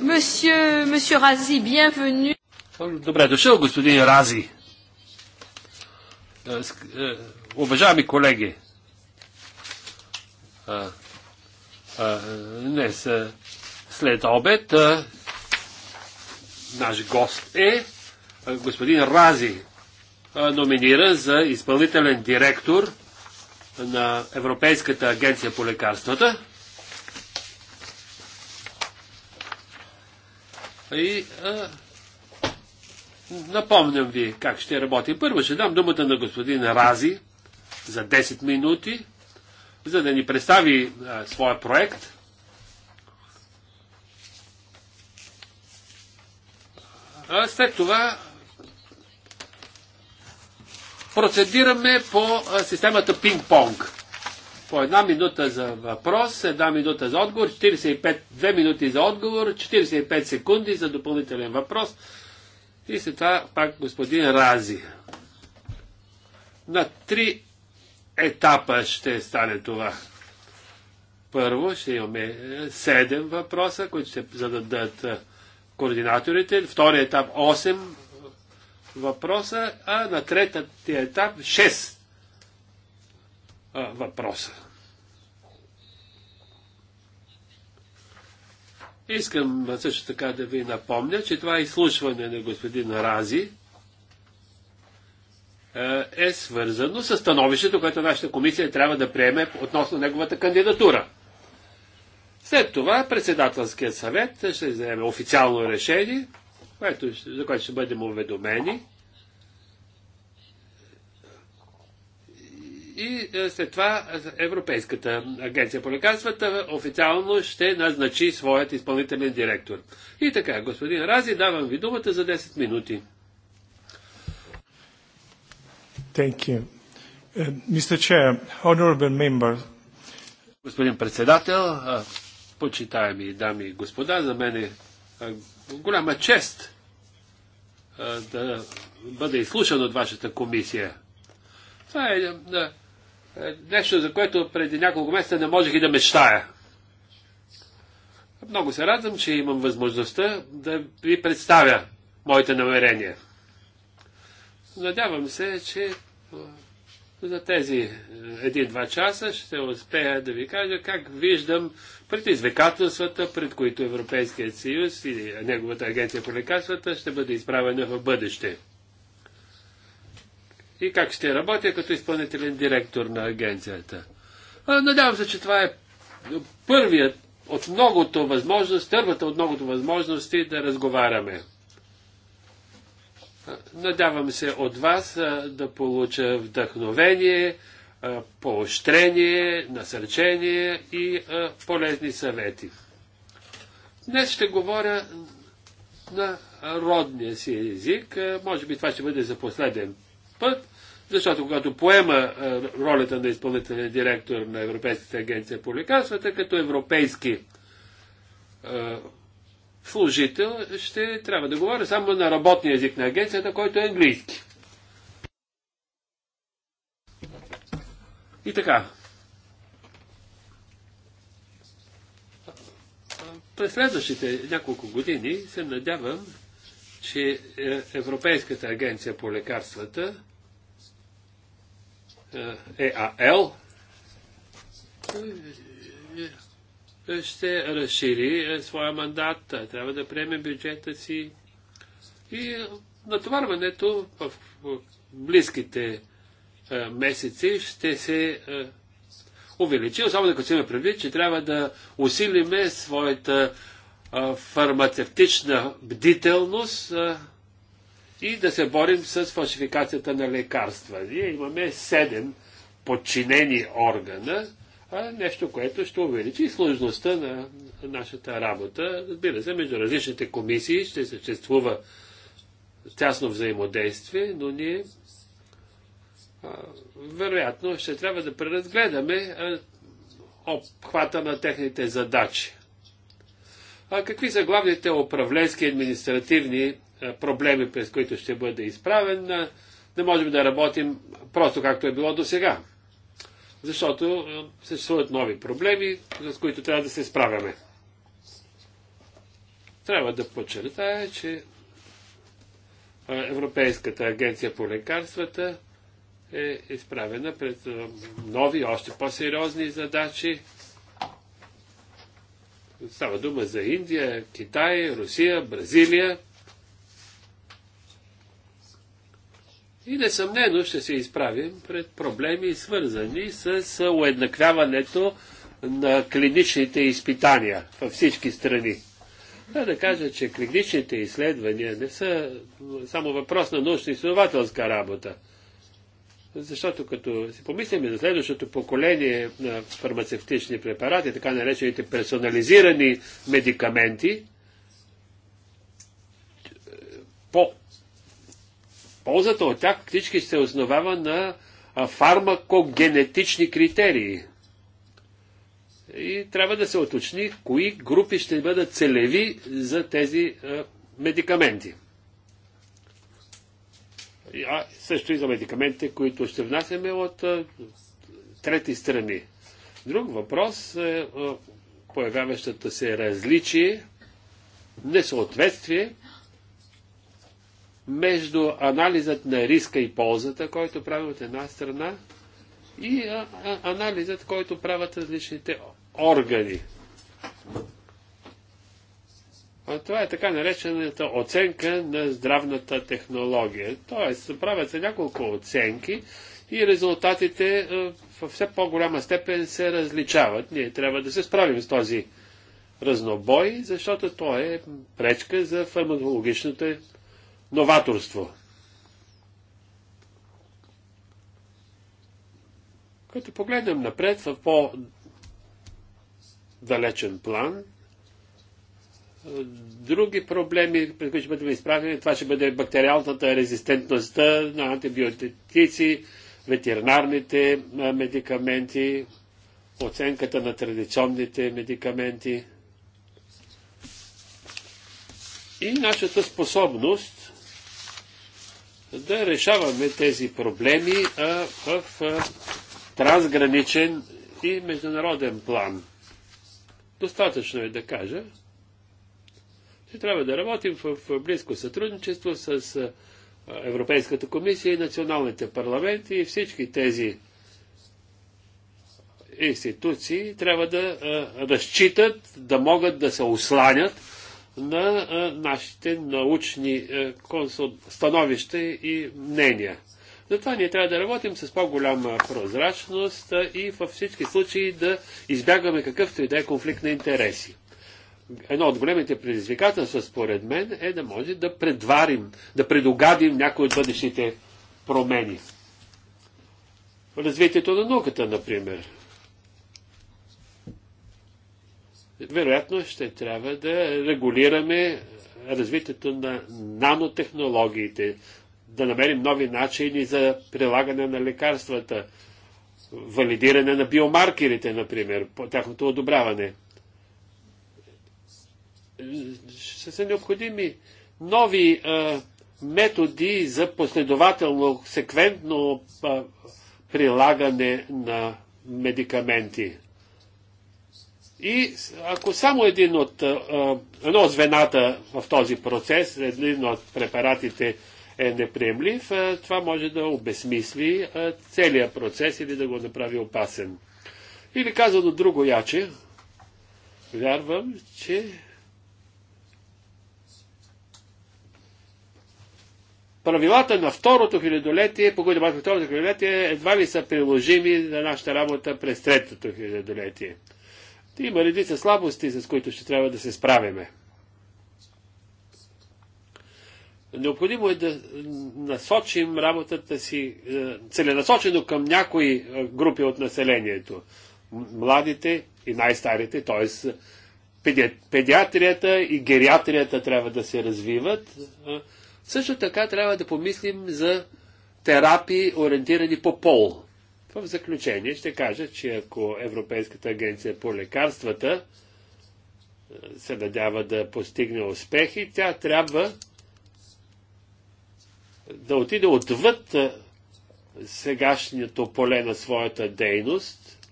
Monsieur, monsieur Рази, bienvenue. Добре дошъл, господин Рази. Е, е, уважаеми колеги, е, днес след обед наш гост е господин Рази, номиниран за изпълнителен директор на Европейската агенция по лекарствата. И а, напомням ви как ще работи. Първо ще дам думата на господин Рази за 10 минути, за да ни представи а, своя проект. А след това процедираме по системата пинг-понг по една минута за въпрос, една минута за отговор, 45, две минути за отговор, 45 секунди за допълнителен въпрос. И след това пак господин Рази. На три етапа ще стане това. Първо ще имаме е, седем въпроса, които ще зададат е, координаторите. Втори етап 8 въпроса, а на третия етап 6 въпроса. Искам също така да ви напомня, че това изслушване на господин Рази е свързано с становището, което нашата комисия трябва да приеме относно неговата кандидатура. След това председателският съвет ще вземе официално решение, което, за което ще бъдем уведомени И е, след това Европейската агенция по лекарствата официално ще назначи своят изпълнителен директор. И така, господин Рази, давам ви думата за 10 минути. Thank you. Mr. Е, Chair, honorable Господин председател, е, почитаеми дами и господа, за мен е голяма чест да бъда изслушан от вашата комисия. Това е да, е, нещо, за което преди няколко месеца не можех и да мечтая. Много се радвам, че имам възможността да ви представя моите намерения. Надявам се, че за тези е, един-два часа ще успея да ви кажа как виждам предизвикателствата, пред които Европейският съюз и неговата агенция по лекарствата ще бъде изправена в бъдеще и как ще работя като изпълнителен директор на агенцията. Надявам се, че това е първият от многото възможности, първата от многото възможности да разговаряме. Надявам се от вас да получа вдъхновение, поощрение, насърчение и полезни съвети. Днес ще говоря на родния си език. Може би това ще бъде за последен път, защото когато поема ролята на изпълнителен директор на Европейската агенция по лекарствата, като европейски служител, ще трябва да говоря само на работния език на агенцията, който е английски. И така. През следващите няколко години се надявам, че е, Европейската агенция по лекарствата ЕАЛ е, ще разшири е, своя мандат, трябва да приеме бюджета си и натоварването в близките е, месеци ще се увеличи, особено като имаме предвид, че трябва да усилиме своята фармацевтична бдителност и да се борим с фалшификацията на лекарства. Ние имаме седем подчинени органа, а нещо, което ще увеличи сложността на нашата работа. Разбира се, между различните комисии ще съществува тясно взаимодействие, но ние вероятно ще трябва да преразгледаме обхвата на техните задачи. А какви са главните управленски и административни е, проблеми, през които ще бъде изправен, е, не можем да работим просто както е било до сега. Защото е, съществуват нови проблеми, с които трябва да се справяме. Трябва да подчертая, че Европейската агенция по лекарствата е изправена пред нови, още по-сериозни задачи. Става дума за Индия, Китай, Русия, Бразилия – И несъмнено ще се изправим пред проблеми, свързани с уеднаквяването на клиничните изпитания във всички страни. Да, да кажа, че клиничните изследвания не са само въпрос на научно-изследователска работа. Защото като си помислим за следващото поколение на фармацевтични препарати, така наречените персонализирани медикаменти, по ползата от тях всички се основава на фармакогенетични критерии. И трябва да се оточни кои групи ще бъдат целеви за тези медикаменти. А също и за медикаментите, които ще внасяме от трети страни. Друг въпрос е появяващото появяващата се различие, несъответствие между анализът на риска и ползата, който прави от една страна, и анализът, който правят различните органи. А това е така наречената оценка на здравната технология. Тоест, правят се няколко оценки и резултатите в все по-голяма степен се различават. Ние трябва да се справим с този разнобой, защото той е пречка за фармакологичната новаторство. Като погледнем напред в по-далечен план, други проблеми, пред които ще бъдем изправени, това ще бъде бактериалната резистентността на антибиотици, ветеринарните медикаменти, оценката на традиционните медикаменти и нашата способност да решаваме тези проблеми а, в а, трансграничен и международен план. Достатъчно е да кажа, че трябва да работим в, в близко сътрудничество с а, Европейската комисия и националните парламенти и всички тези институции трябва да а, разчитат, да могат да се осланят на нашите научни консул... становища и мнения. Затова ние трябва да работим с по-голяма прозрачност и във всички случаи да избягваме какъвто и да е конфликт на интереси. Едно от големите предизвикателства, според мен, е да може да предварим, да предугадим някои от бъдещите промени. Развитието на науката, например. вероятно ще трябва да регулираме развитието на нанотехнологиите, да намерим нови начини за прилагане на лекарствата, валидиране на биомаркерите, например, по тяхното одобряване. Ще са необходими нови а, методи за последователно, секвентно а, прилагане на медикаменти. И ако само един от, едно от звената в този процес, един от препаратите е неприемлив, това може да обесмисли целият процес или да го направи опасен. Или казано друго яче, вярвам, че правилата на второто хилядолетие, по които второто хилядолетие, едва ли са приложими за нашата работа през третото хилядолетие. Има редица слабости, с които ще трябва да се справиме. Необходимо е да насочим работата си е, целенасочено към някои е, групи от населението. Младите и най-старите, т.е. педиатрията и гериатрията трябва да се развиват. Е, също така трябва да помислим за терапии, ориентирани по пол. В заключение ще кажа, че ако Европейската агенция по лекарствата е, се надява да постигне успехи, тя трябва да отиде отвъд е, сегашното поле на своята дейност,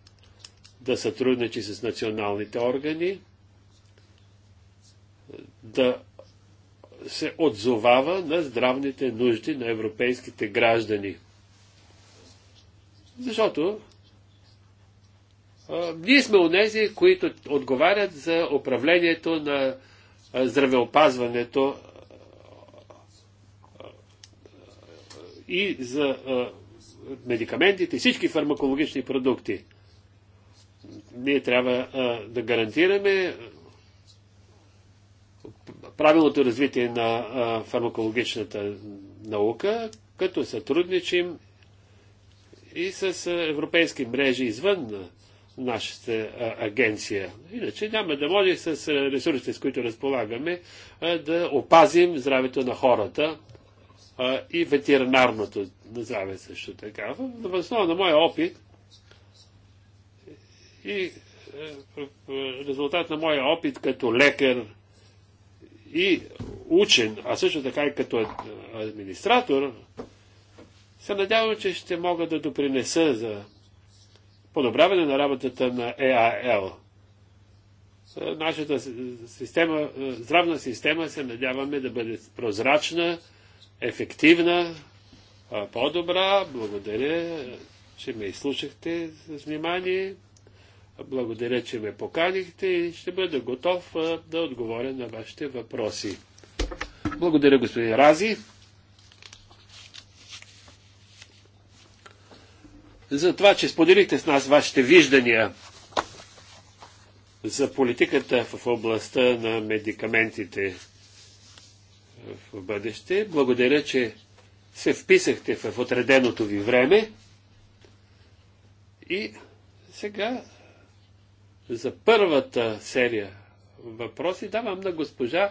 да сътрудничи с националните органи, е, да се отзовава на здравните нужди на европейските граждани – защото а, ние сме онези, които отговарят за управлението на а, здравеопазването а, и за а, медикаментите, всички фармакологични продукти. Ние трябва а, да гарантираме правилното развитие на а, фармакологичната наука, като сътрудничим и с европейски мрежи извън нашата агенция. Иначе няма да може с ресурсите, с които разполагаме, да опазим здравето на хората и ветеринарното здраве също така. В основа на моя опит и резултат на моя опит като лекар и учен, а също така и като администратор, се надявам, че ще мога да допринеса за подобряване на работата на ЕАЛ. Нашата система, е, здравна система се надяваме да бъде прозрачна, ефективна, по-добра. Благодаря, че ме изслушахте с внимание. Благодаря, че ме поканихте и ще бъда готов да отговоря на вашите въпроси. Благодаря, господин Рази. за това, че споделихте с нас вашите виждания за политиката в областта на медикаментите в бъдеще. Благодаря, че се вписахте в отреденото ви време. И сега за първата серия въпроси давам на госпожа,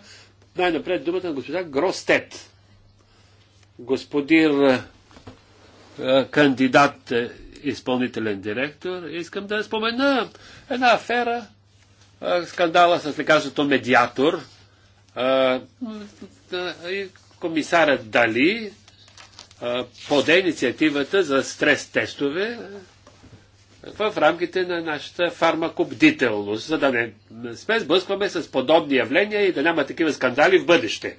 най-напред думата на госпожа Гростет. Господин е, кандидат е, изпълнителен директор, искам да спомена една афера, скандала с лекарството Медиатор. Комисарът Дали поде инициативата за стрес-тестове в рамките на нашата фармакобдителност, за да не сме сблъскваме с подобни явления и да няма такива скандали в бъдеще.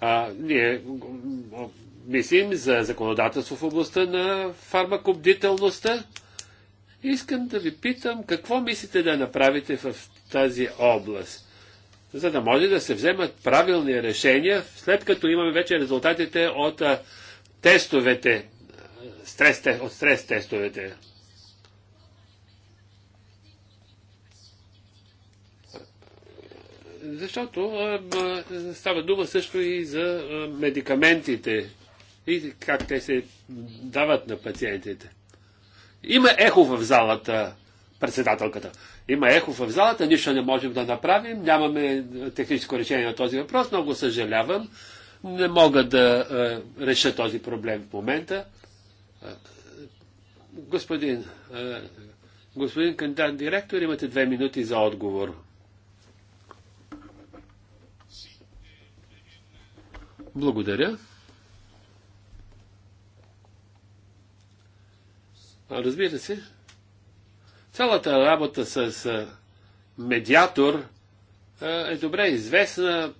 А, ние мислим за законодателство в областта на фармакобдителността. Искам да ви питам какво мислите да направите в тази област, за да може да се вземат правилни решения, след като имаме вече резултатите от тестовете, стрес, от стрес тестовете. Защото а, става дума също и за а, медикаментите и как те се дават на пациентите. Има ехо в залата, председателката. Има ехо в залата, нищо не можем да направим, нямаме техническо решение на този въпрос, много съжалявам. Не мога да е, реша този проблем в момента. Е, господин, е, господин кандидат директор, имате две минути за отговор. Благодаря. Разбира се, цялата работа с медиатор е добре известна,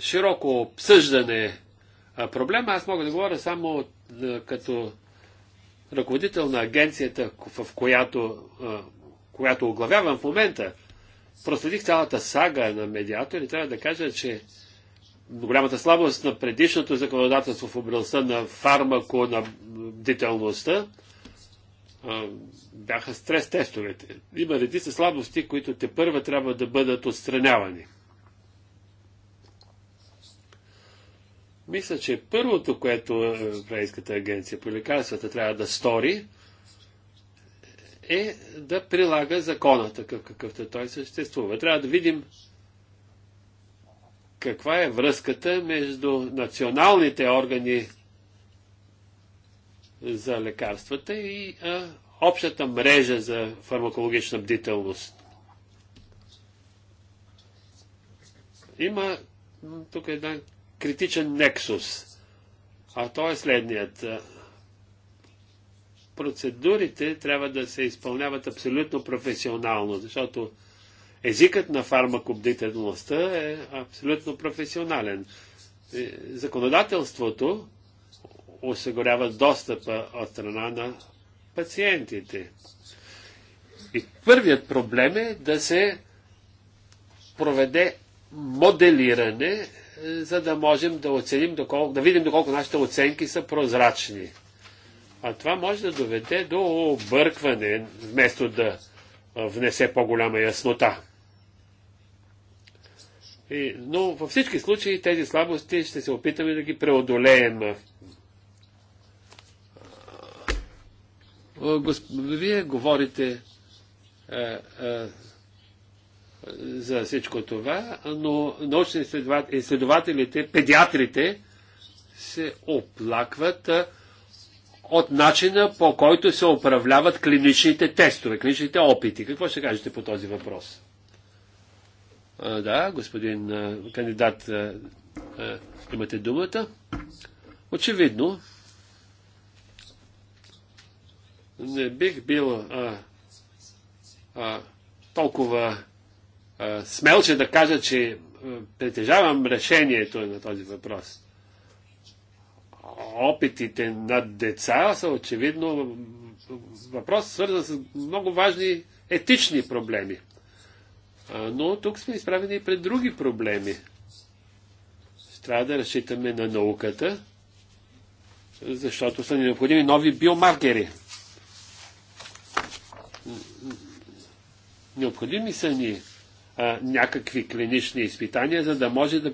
широко обсъждане проблема. Аз мога да говоря само като ръководител на агенцията, в която, която оглавявам в момента. Проследих цялата сага на медиатор и трябва да кажа, че голямата слабост на предишното законодателство в областта на фармако, на деталността бяха стрес тестовете. Има редица слабости, които те първа трябва да бъдат отстранявани. Мисля, че първото, което е, Европейската агенция по лекарствата трябва да стори, е да прилага закона такъв какъвто той съществува. Трябва да видим каква е връзката между националните органи за лекарствата и а, общата мрежа за фармакологична бдителност. Има тук е един критичен нексус, а то е следният. Процедурите трябва да се изпълняват абсолютно професионално, защото езикът на фармакобдителността е абсолютно професионален. Е, законодателството осигуряват достъпа от страна на пациентите. И първият проблем е да се проведе моделиране, е, за да можем да оценим, доколко, да видим доколко нашите оценки са прозрачни. А това може да доведе до объркване, вместо да е, внесе по-голяма яснота. И, но във всички случаи тези слабости ще се опитаме да ги преодолеем Вие говорите е, е, за всичко това, но научни изследователите, педиатрите се оплакват е, от начина по който се управляват клиничните тестове, клиничните опити. Какво ще кажете по този въпрос? да, господин кандидат, имате думата. Очевидно, не бих бил а, а, толкова а, смел, че да кажа, че притежавам решението на този въпрос. Опитите на деца са очевидно въпрос, свързан с много важни етични проблеми. Но тук сме изправени и пред други проблеми. Трябва да разчитаме на науката, защото са ни необходими нови биомаркери – Необходими са ни а, някакви клинични изпитания, за да може да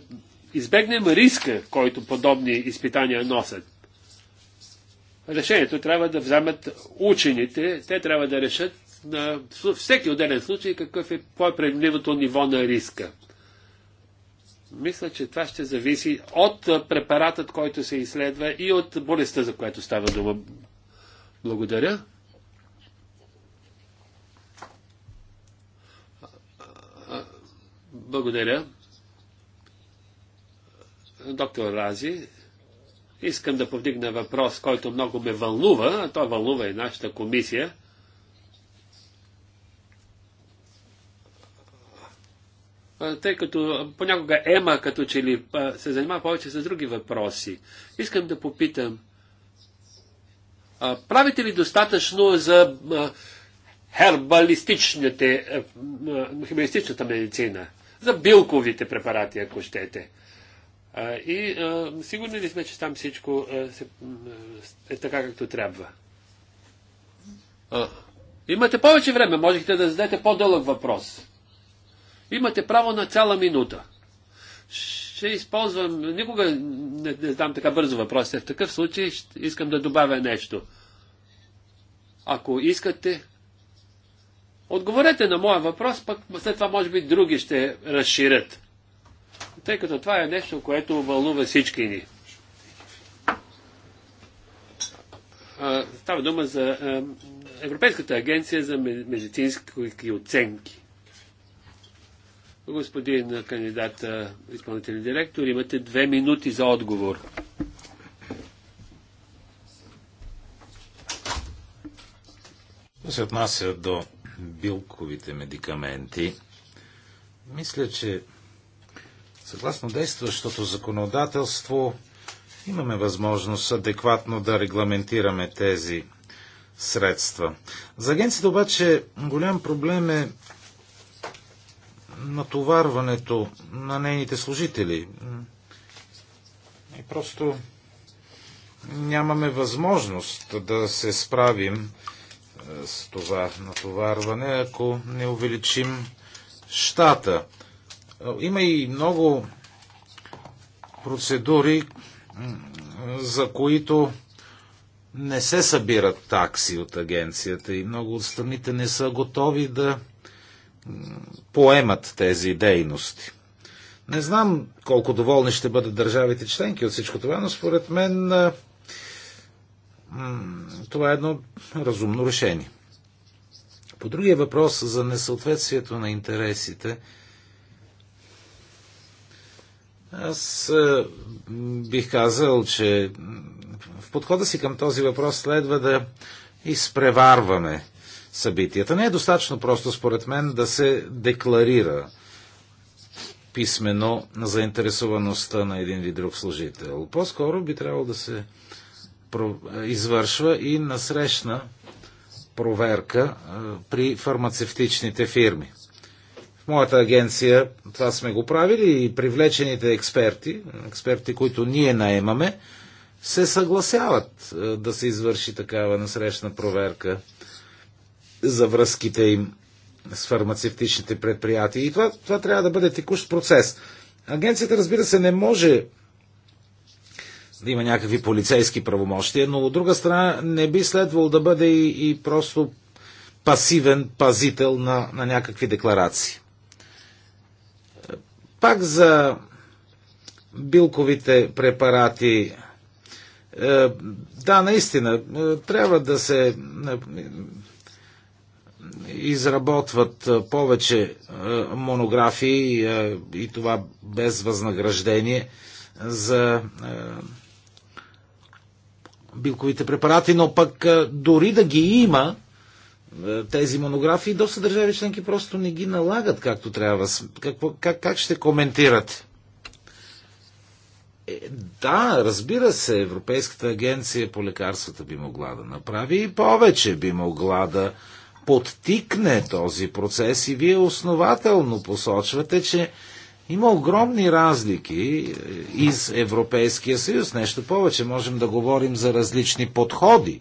избегнем риска, който подобни изпитания носят. Решението трябва да вземат учените, те трябва да решат на всеки отделен случай какъв е по-приемливото ниво на риска. Мисля, че това ще зависи от препаратът, който се изследва и от болестта, за която става дума. Благодаря. Благодаря. Доктор Рази, искам да повдигна въпрос, който много ме вълнува, а той вълнува и нашата комисия. Тъй като понякога Ема като че ли се занимава повече с други въпроси. Искам да попитам, правите ли достатъчно за хербалистичната медицина? за билковите препарати, ако щете. И сигурни ли сме, че там всичко е така, както трябва? Имате повече време, можехте да зададете по-дълъг въпрос. Имате право на цяла минута. Ще използвам, никога не, не знам така бързо въпросите. В такъв случай искам да добавя нещо. Ако искате, Отговорете на моя въпрос, пък след това може би други ще разширят. Тъй като това е нещо, което вълнува всички ни. Става дума за Европейската агенция за медицински оценки. Господин кандидат изпълнителен директор, имате две минути за отговор. се отнася до билковите медикаменти, мисля, че съгласно действащото законодателство имаме възможност адекватно да регламентираме тези средства. За агенцията обаче голям проблем е натоварването на нейните служители. И просто нямаме възможност да се справим с това натоварване, ако не увеличим щата. Има и много процедури, за които не се събират такси от агенцията и много от страните не са готови да поемат тези дейности. Не знам колко доволни ще бъдат държавите членки от всичко това, но според мен това е едно разумно решение. По другия въпрос за несъответствието на интересите, аз е, бих казал, че в подхода си към този въпрос следва да изпреварваме събитията. Не е достатъчно просто, според мен, да се декларира писмено на заинтересоваността на един или друг служител. По-скоро би трябвало да се извършва и насрещна проверка при фармацевтичните фирми. В моята агенция това сме го правили и привлечените експерти, експерти, които ние наемаме, се съгласяват да се извърши такава насрещна проверка за връзките им с фармацевтичните предприятия. И това, това трябва да бъде текущ процес. Агенцията, разбира се, не може да има някакви полицейски правомощия, но от друга страна не би следвало да бъде и, и просто пасивен пазител на, на някакви декларации. Пак за билковите препарати. Е, да, наистина, е, трябва да се е, изработват повече монографии и това без възнаграждение за билковите препарати, но пък е, дори да ги има, е, тези монографии, доста държави членки просто не ги налагат както трябва. Как, как, как ще коментирате? Е, да, разбира се, Европейската агенция по лекарствата би могла да направи и повече би могла да подтикне този процес и вие основателно посочвате, че има огромни разлики е, из Европейския съюз. Нещо повече, можем да говорим за различни подходи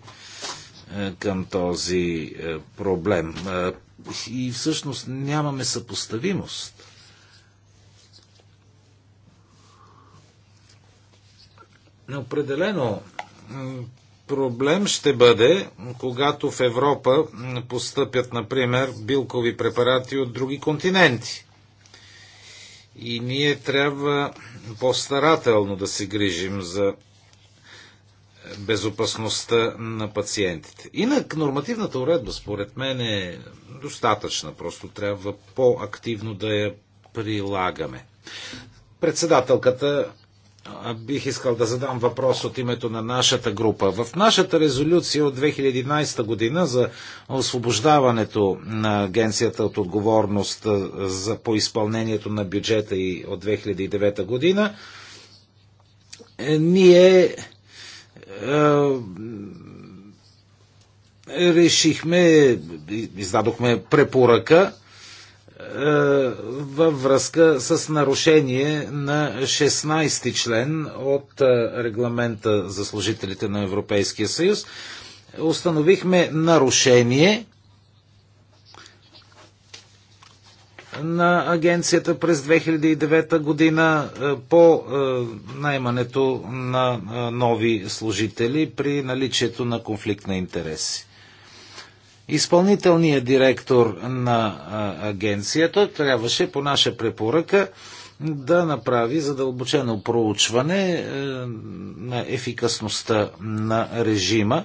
е, към този е, проблем. И всъщност нямаме съпоставимост. Определено проблем ще бъде, когато в Европа постъпят, например, билкови препарати от други континенти. И ние трябва по-старателно да се грижим за безопасността на пациентите. Инак нормативната уредба, според мен, е достатъчна. Просто трябва по-активно да я прилагаме. Председателката бих искал да задам въпрос от името на нашата група. В нашата резолюция от 2011 година за освобождаването на агенцията от отговорност за, по изпълнението на бюджета и от 2009 година, е, ние е, решихме, издадохме препоръка е, във връзка с нарушение на 16-ти член от е, регламента за служителите на Европейския съюз. Установихме нарушение на агенцията през 2009 година е, по наймането на нови служители при наличието на конфликт на интереси. Изпълнителният директор на агенцията трябваше по наша препоръка да направи задълбочено проучване е, на ефикасността на режима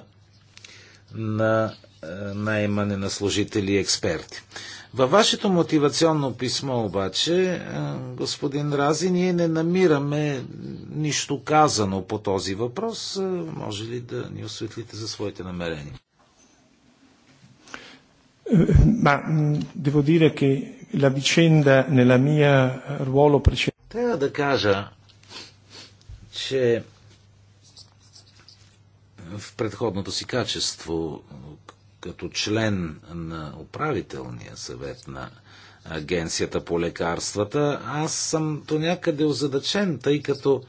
на е, наймане на служители и експерти. Във вашето мотивационно писмо обаче, е, господин Рази, ние не намираме нищо казано по този въпрос. Може ли да ни осветлите за своите намерения? Eh, ma mm, devo dire che la vicenda nella mia eh, ruolo precedente. Трябва да кажа, че в предходното си качество като член на управителния съвет на Агенцията по лекарствата, аз съм то някъде озадачен, тъй като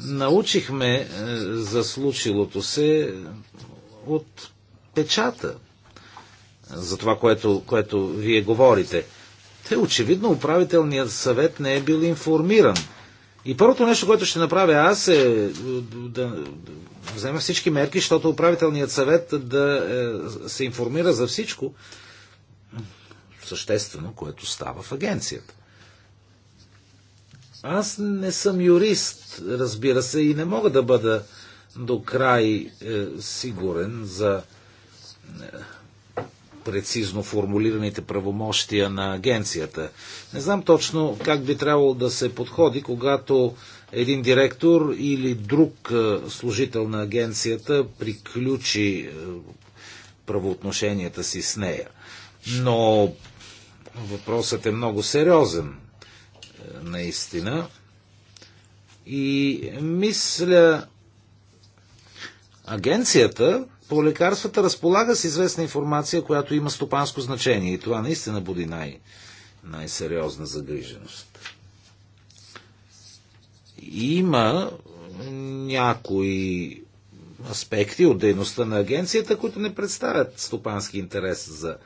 научихме е, за случилото се от печата, за това, което, което вие говорите. Те очевидно управителният съвет не е бил информиран. И първото нещо, което ще направя аз е, е да взема всички мерки, защото управителният съвет да е, се информира за всичко съществено, което става в агенцията. Аз не съм юрист, разбира се, и не мога да бъда до край е, сигурен за е, прецизно формулираните правомощия на агенцията. Не знам точно как би трябвало да се подходи, когато един директор или друг е, служител на агенцията приключи е, правоотношенията си с нея. Но въпросът е много сериозен, е, наистина. И мисля, агенцията по лекарствата разполага с известна информация, която има стопанско значение. И това наистина буди най- най-сериозна загриженост. Има някои аспекти от дейността на агенцията, които не представят стопански интерес за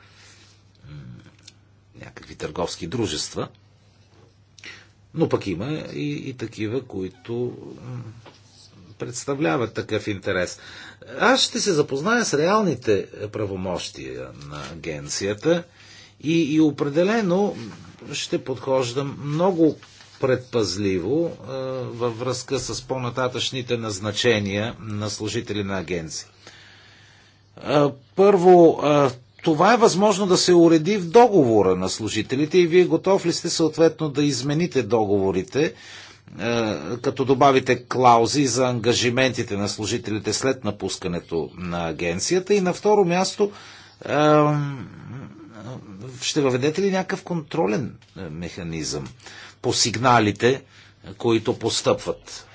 някакви търговски дружества. Но пък има и, и такива, които представляват такъв интерес. Аз ще се запозная с реалните правомощия на агенцията и, и определено ще подхождам много предпазливо а, във връзка с по-нататъчните назначения на служители на агенции. първо, това е възможно да се уреди в договора на служителите и вие готов ли сте съответно да измените договорите, е, като добавите клаузи за ангажиментите на служителите след напускането на агенцията. И на второ място, ще въведете ли някакъв контролен е, механизъм по сигналите, които постъпват?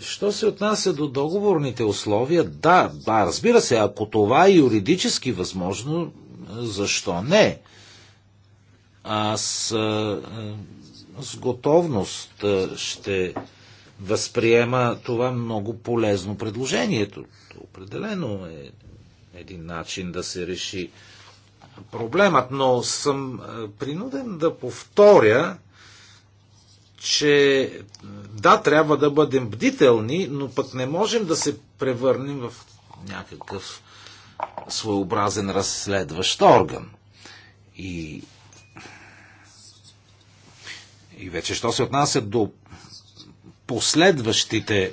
Що се отнася до договорните условия? Да, да, разбира се, ако това е юридически възможно, е, защо не? Аз с готовност ще възприема това много полезно предложението. Определено е един начин да се реши проблемът, но съм принуден да повторя, че да, трябва да бъдем бдителни, но пък не можем да се превърнем в някакъв своеобразен разследващ орган. И и вече, що се отнася до последващите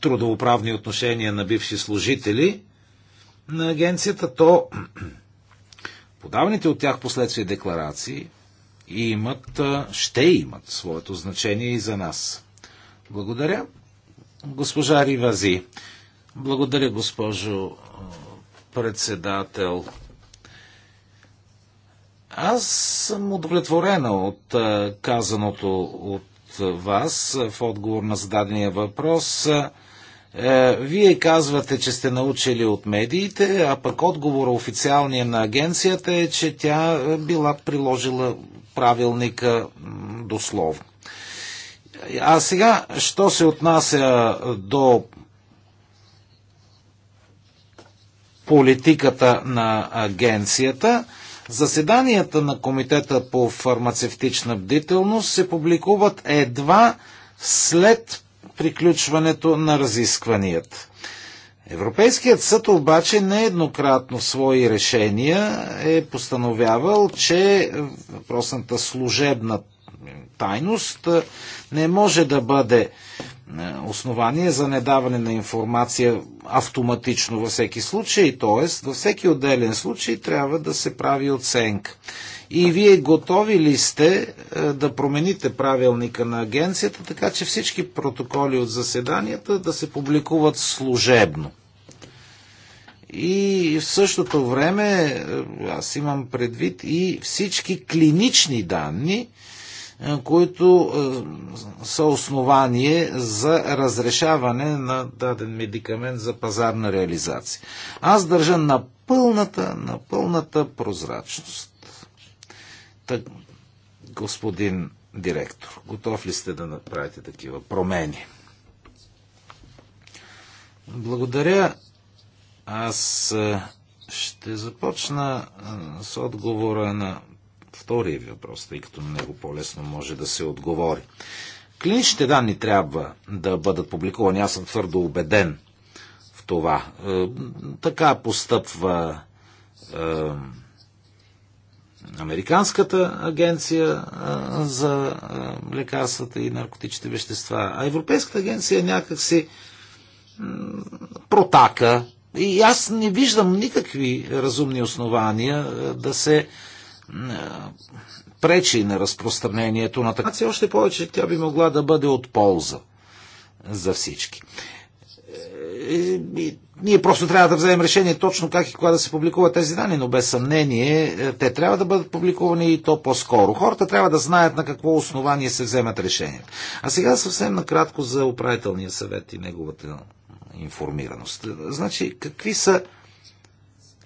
трудовоправни отношения на бивши служители на агенцията, то подаваните от тях последствия декларации имат, ще имат своето значение и за нас. Благодаря. Госпожа Ривази. Благодаря, госпожо председател. Аз съм удовлетворена от казаното от вас в отговор на зададения въпрос. Е, вие казвате, че сте научили от медиите, а пък отговора официалния на агенцията е, че тя е, била приложила правилника дословно. А сега, що се отнася до политиката на агенцията, Заседанията на Комитета по фармацевтична бдителност се публикуват едва след приключването на разискванията. Европейският съд обаче нееднократно в свои решения е постановявал, че въпросната служебна тайност не може да бъде е, основание за недаване на информация автоматично във всеки случай, т.е. във всеки отделен случай трябва да се прави оценка. И вие готови ли сте е, да промените правилника на агенцията, така че всички протоколи от заседанията да се публикуват служебно? И в същото време, е, аз имам предвид и всички клинични данни, е, които е, са основание за разрешаване на даден медикамент за пазарна реализация. Аз държа на пълната, на пълната прозрачност. Так, господин директор, готов ли сте да направите такива промени? Благодаря. Аз е, ще започна с отговора на втория въпрос, тъй като на него по-лесно може да се отговори. Клиничните данни трябва да бъдат публикувани. Аз съм твърдо убеден в това. Е, така постъпва е, Американската агенция е, за е, лекарствата и наркотичните вещества, а Европейската агенция някакси протака. И аз не виждам никакви разумни основания е, да се пречи на разпространението на така. Още повече тя би могла да бъде от полза за всички. Е, е, ние просто трябва да вземем решение точно как и кога да се публикуват тези данни, но без съмнение е, те трябва да бъдат публикувани и то по-скоро. Хората трябва да знаят на какво основание се вземат решението. А сега съвсем накратко за управителния съвет и неговата информираност. Значи, какви са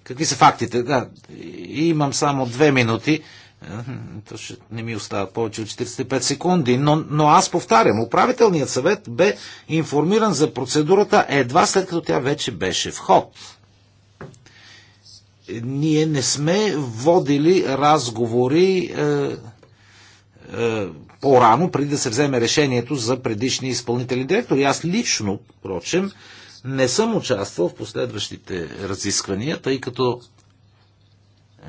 Какви са фактите? Да, имам само две минути. То ще не ми остават повече от 45 секунди. Но, но аз повтарям, управителният съвет бе информиран за процедурата едва след като тя вече беше в ход. Ние не сме водили разговори. Е, е по-рано, преди да се вземе решението за предишни изпълнителни директори. Аз лично, впрочем, не съм участвал в последващите разисквания, тъй като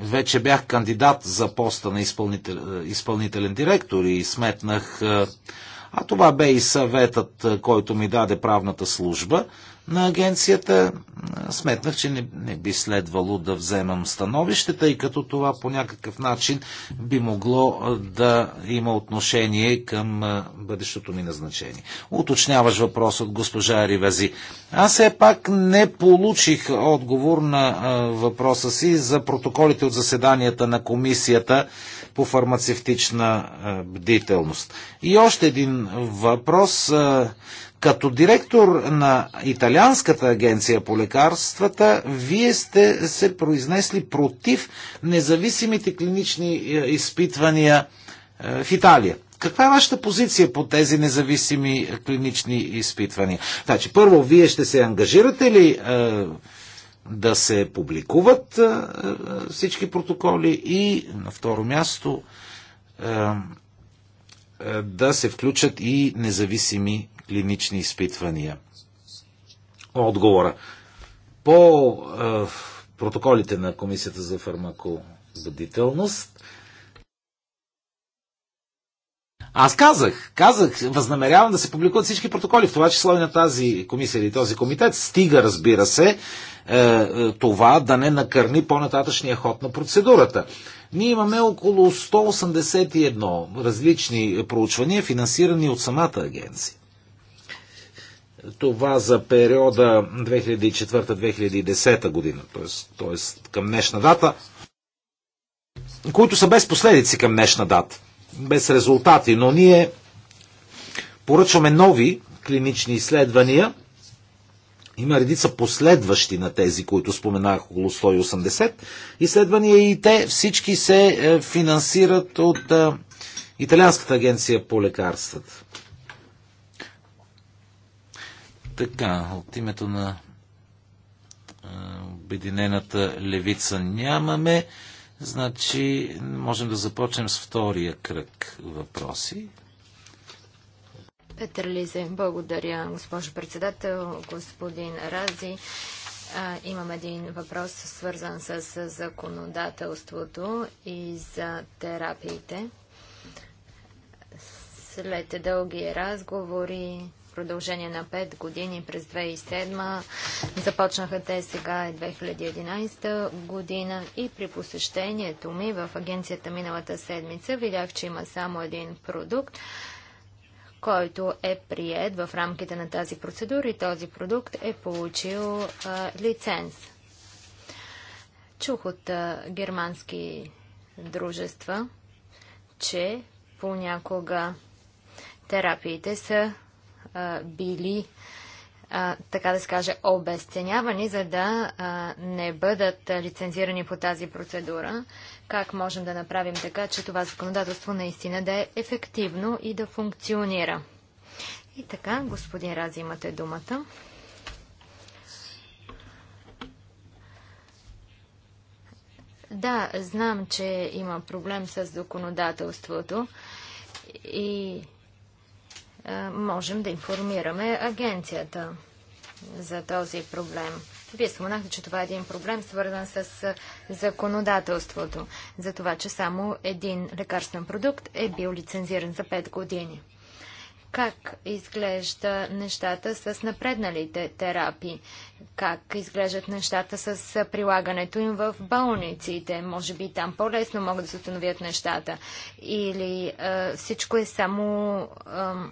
вече бях кандидат за поста на изпълнител, е, изпълнителен директор и сметнах е, а това бе и съветът, е, който ми даде правната служба на агенцията. Е, сметнах, че не, не би следвало да вземам становище, тъй като това по някакъв начин би могло е, да има отношение към бъдещото ми назначение. Уточняваш въпрос от госпожа Ривази. Аз все пак не получих отговор на въпроса си за протоколите от заседанията на комисията по фармацевтична е, бдителност. И още един въпрос. Е, като директор на Италианската агенция по лекарствата, вие сте се произнесли против независимите клинични е, изпитвания в Италия. Каква е вашата позиция по тези независими клинични изпитвания? Значи, първо, вие ще се ангажирате ли да се публикуват всички протоколи и на второ място да се включат и независими клинични изпитвания. Отговора. По протоколите на Комисията за фармакобдителност аз казах, казах, възнамерявам да се публикуват всички протоколи, в това число и на тази комисия или този комитет. Стига, разбира се, е, е, това да не накърни по-нататъчния ход на процедурата. Ние имаме около 181 различни проучвания, финансирани от самата агенция. Това за периода 2004-2010 година, т.е. към днешна дата, които са без последици към днешна дата без резултати, но ние поръчваме нови клинични изследвания. Има редица последващи на тези, които споменах, около 180 изследвания и те всички се е, финансират от е, Италианската агенция по лекарствата. Така, от името на е, Обединената левица нямаме. Значи, можем да започнем с втория кръг въпроси. Петър Лизе, благодаря, госпожо председател, господин Рази. А, имам един въпрос, свързан с законодателството и за терапиите. След дълги разговори продължение на 5 години през 2007. Започнаха те сега е 2011 година и при посещението ми в агенцията миналата седмица видях, че има само един продукт който е прият в рамките на тази процедура и този продукт е получил а, лиценз. Чух от а, германски дружества, че понякога терапиите са били, а, така да се каже, обесценявани, за да а, не бъдат лицензирани по тази процедура. Как можем да направим така, че това законодателство наистина да е ефективно и да функционира? И така, господин Рази, имате думата. Да, знам, че има проблем с законодателството и можем да информираме агенцията за този проблем. Вие споменахте, че това е един проблем, свързан с законодателството, за това, че само един лекарствен продукт е бил лицензиран за 5 години. Как изглежда нещата с напредналите терапии? Как изглеждат нещата с прилагането им в болниците? Може би там по-лесно могат да се установят нещата. Или е, всичко е само. Е,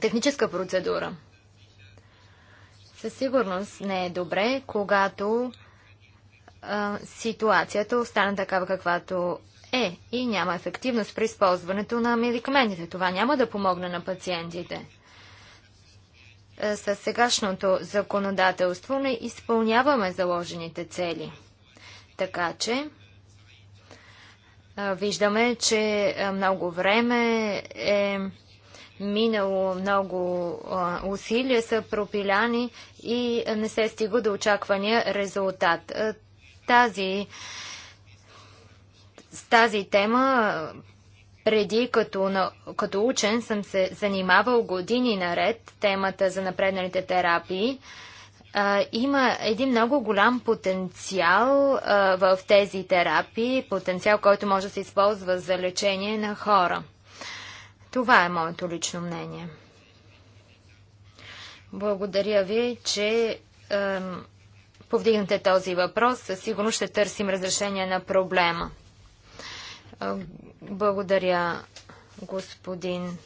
техническа процедура. Със сигурност не е добре, когато а, ситуацията остане такава каквато е и няма ефективност при използването на медикаментите. Това няма да помогне на пациентите. Е, С сегашното законодателство не изпълняваме заложените цели. Така че а, виждаме, че много време е минало много усилия, са пропиляни и не се стига до очаквания резултат. Тази, с тази тема преди като, като учен съм се занимавал години наред темата за напредналите терапии. има един много голям потенциал в тези терапии, потенциал, който може да се използва за лечение на хора. Това е моето лично мнение. Благодаря ви, че е, повдигнате този въпрос. Със сигурност ще търсим разрешение на проблема. Е, благодаря, господин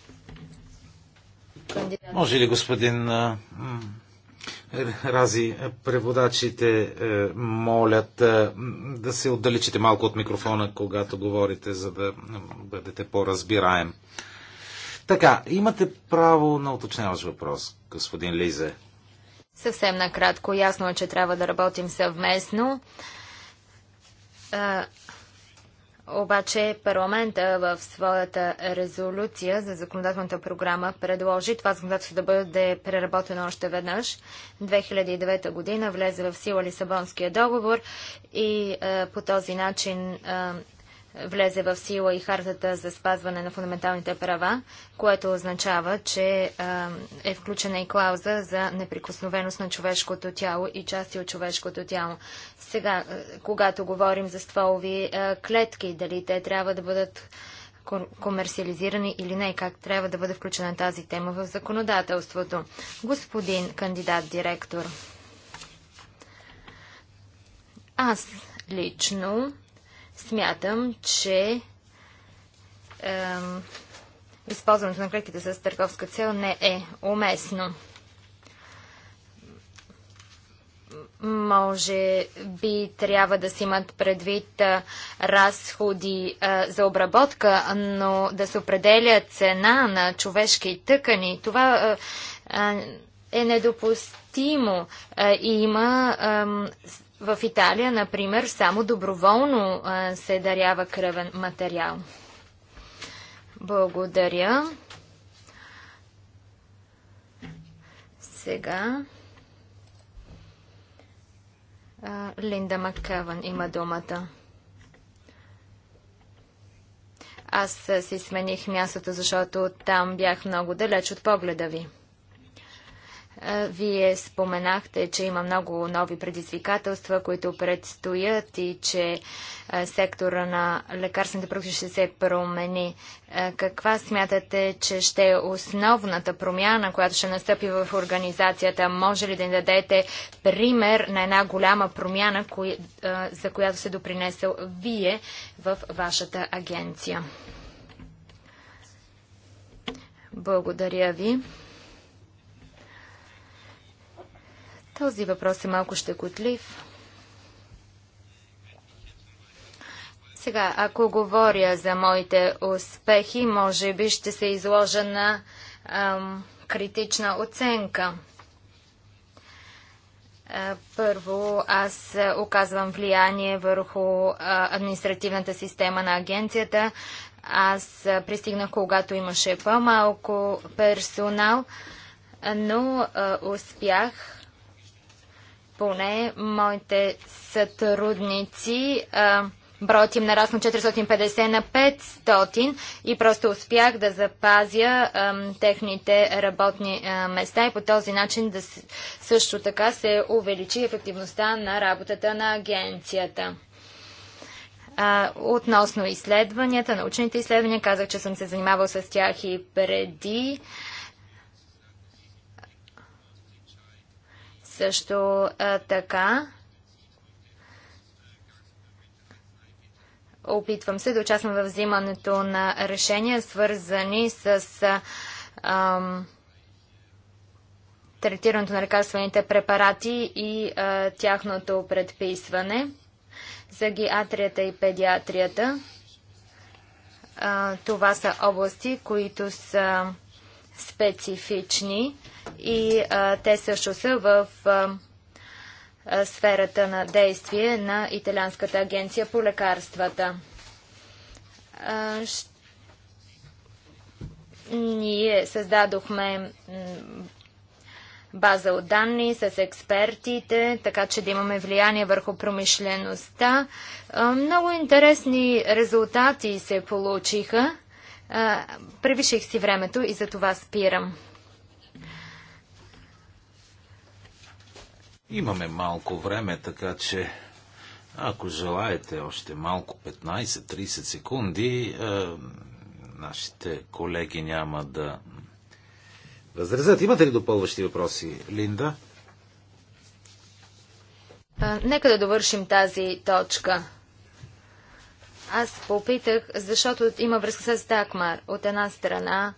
кандидат. Може ли, господин е, Рази, преводачите е, молят е, да се отдалечите малко от микрофона, когато говорите, за да бъдете по-разбираем. Така, имате право на уточняваш въпрос, господин Лизе. Съвсем накратко, ясно е, че трябва да работим съвместно. А, обаче парламента в своята резолюция за законодателната програма предложи това законодателство да бъде преработено още веднъж. 2009 година влезе в сила Лисабонския договор и а, по този начин а, влезе в сила и хартата за спазване на фундаменталните права, което означава, че е включена и клауза за неприкосновеност на човешкото тяло и части от човешкото тяло. Сега, когато говорим за стволови клетки, дали те трябва да бъдат комерциализирани или не, как трябва да бъде включена тази тема в законодателството. Господин кандидат-директор, аз лично Смятам, че ем, използването на клетките с търговска цел не е уместно. Може би трябва да се имат предвид разходи за обработка, но да се определя цена на човешки тъкани, това е недопустимо и има в Италия, например, само доброволно а, се дарява кръвен материал. Благодаря. Сега. А, Линда Маккаван има думата. Аз си смених мястото, защото там бях много далеч от погледа ви. Вие споменахте, че има много нови предизвикателства, които предстоят и че сектора на лекарствените продукти ще се промени. Каква смятате, че ще е основната промяна, която ще настъпи в организацията? Може ли да ни дадете пример на една голяма промяна, за която се допринесъл вие в вашата агенция? Благодаря ви. Този въпрос е малко щекотлив. Сега, ако говоря за моите успехи, може би ще се изложа на ам, критична оценка. Първо, аз оказвам влияние върху административната система на агенцията. Аз пристигнах, когато имаше по-малко персонал, но успях поне моите сътрудници броят им нарасна 450 на 500 и просто успях да запазя а, техните работни а, места и по този начин да с, също така се увеличи ефективността на работата на агенцията. А, относно изследванията, научните изследвания, казах, че съм се занимавал с тях и преди. А, Също а, така опитвам се да участвам в взимането на решения, свързани с ам, третирането на лекарствените препарати и а, тяхното предписване за гиатрията и педиатрията. А, това са области, които са специфични и а, те също са в а, сферата на действие на Италианската агенция по лекарствата. А, ш... Ние създадохме база от данни с експертите, така че да имаме влияние върху промишлеността. Много интересни резултати се получиха превиших си времето и за това спирам. Имаме малко време, така че ако желаете още малко 15-30 секунди, е, нашите колеги няма да възразят. Имате ли допълващи въпроси, Линда? А, нека да довършим тази точка. Аз попитах, защото има връзка с Дакмар. От една страна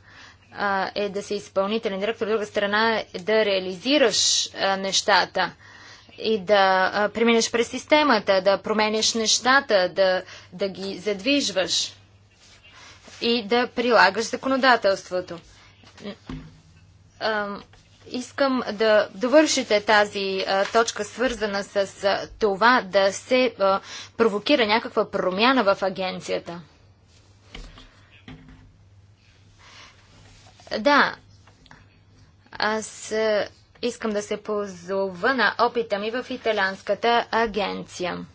а, е да си изпълнителен директор, от друга страна е да реализираш а, нещата и да а, преминеш през системата, да променеш нещата, да, да ги задвижваш и да прилагаш законодателството. А, Искам да довършите тази а, точка, свързана с а, това да се а, провокира някаква промяна в агенцията. Да, аз искам да се позова на опита ми в италянската агенция.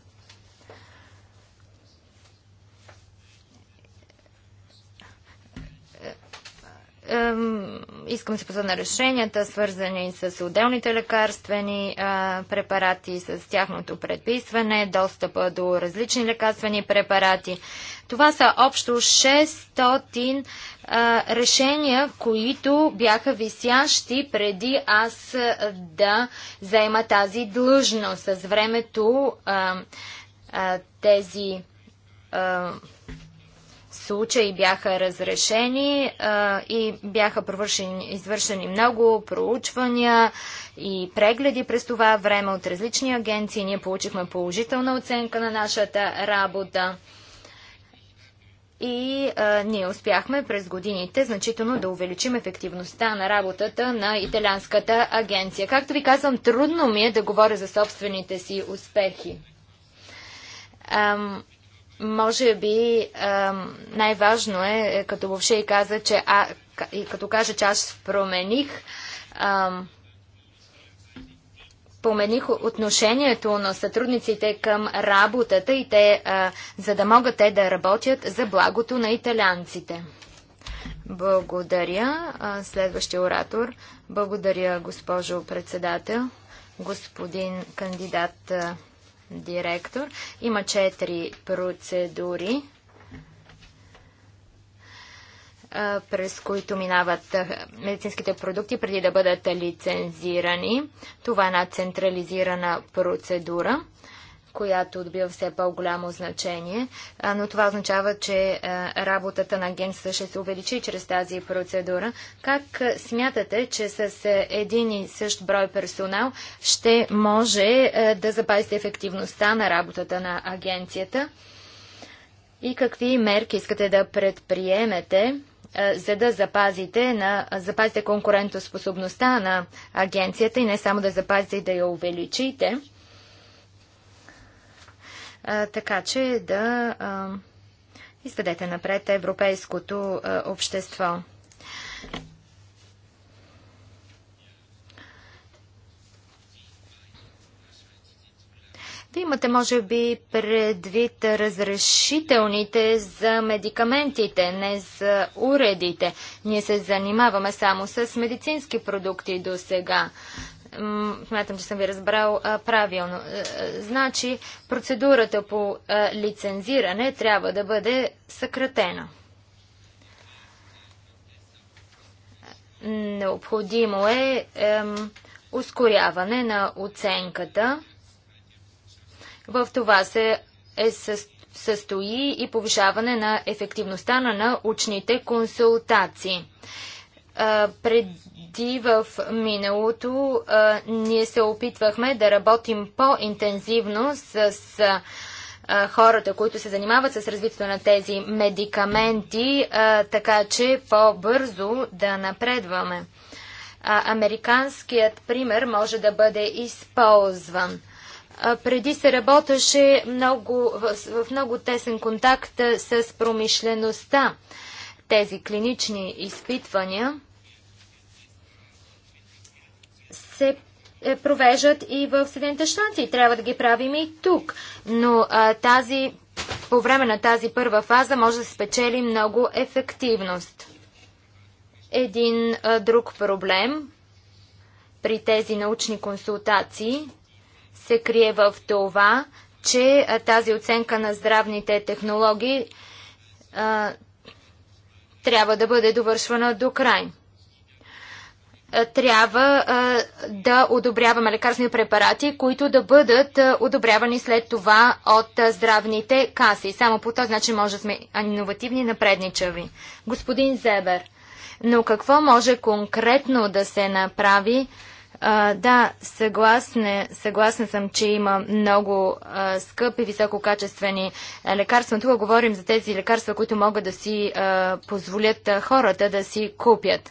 Искам се поза на решенията, свързани с отделните лекарствени препарати, с тяхното предписване, достъпа до различни лекарствени препарати. Това са общо 600 решения, които бяха висящи преди аз да взема тази длъжност. С времето тези случаи бяха разрешени а, и бяха извършени много проучвания и прегледи през това време от различни агенции. Ние получихме положителна оценка на нашата работа и а, ние успяхме през годините значително да увеличим ефективността на работата на италианската агенция. Както ви казвам, трудно ми е да говоря за собствените си успехи. Ам, може би най-важно е, е, като въобще и каза, че а, и като кажа, че аз промених а, промених отношението на сътрудниците към работата и те, а, за да могат те да работят за благото на италянците. Благодаря. Следващия оратор. Благодаря, госпожо председател, господин кандидат директор. Има четири процедури, през които минават медицинските продукти преди да бъдат лицензирани. Това е една централизирана процедура която отбива все по-голямо значение, но това означава, че работата на агенцията ще се увеличи чрез тази процедура. Как смятате, че с един и същ брой персонал ще може да запазите ефективността на работата на агенцията? И какви мерки искате да предприемете, за да запазите, на, запазите конкурентоспособността на агенцията и не само да запазите и да я увеличите? така че да изведете напред европейското общество. Вие имате, може би, предвид разрешителните за медикаментите, не за уредите. Ние се занимаваме само с медицински продукти до сега смятам, че съм ви разбрал правилно. Е, е, значи, процедурата по е, лицензиране трябва да бъде съкратена. Необходимо е ускоряване на оценката. В това се е състои и повишаване на ефективността на научните консултации. Пред преди в миналото а, ние се опитвахме да работим по-интензивно с а, хората, които се занимават с развитието на тези медикаменти, а, така че по-бързо да напредваме. А, американският пример може да бъде използван. преди се работеше много, в, в много тесен контакт с промишлеността. Тези клинични изпитвания се е, провеждат и в Съединените щати. Трябва да ги правим и тук. Но а, тази, по време на тази първа фаза може да се спечели много ефективност. Един а, друг проблем при тези научни консултации се крие в това, че а, тази оценка на здравните технологии а, трябва да бъде довършвана до край. Е, трябва е, да одобряваме лекарствени препарати, които да бъдат е, одобрявани след това от здравните каси. Само по този начин може да сме иновативни и напредничави. Господин Зебер, но какво може конкретно да се направи? да, съгласна, съгласна съм, че има много скъпи, висококачествени лекарства. Тук говорим за тези лекарства, които могат да си позволят хората да си купят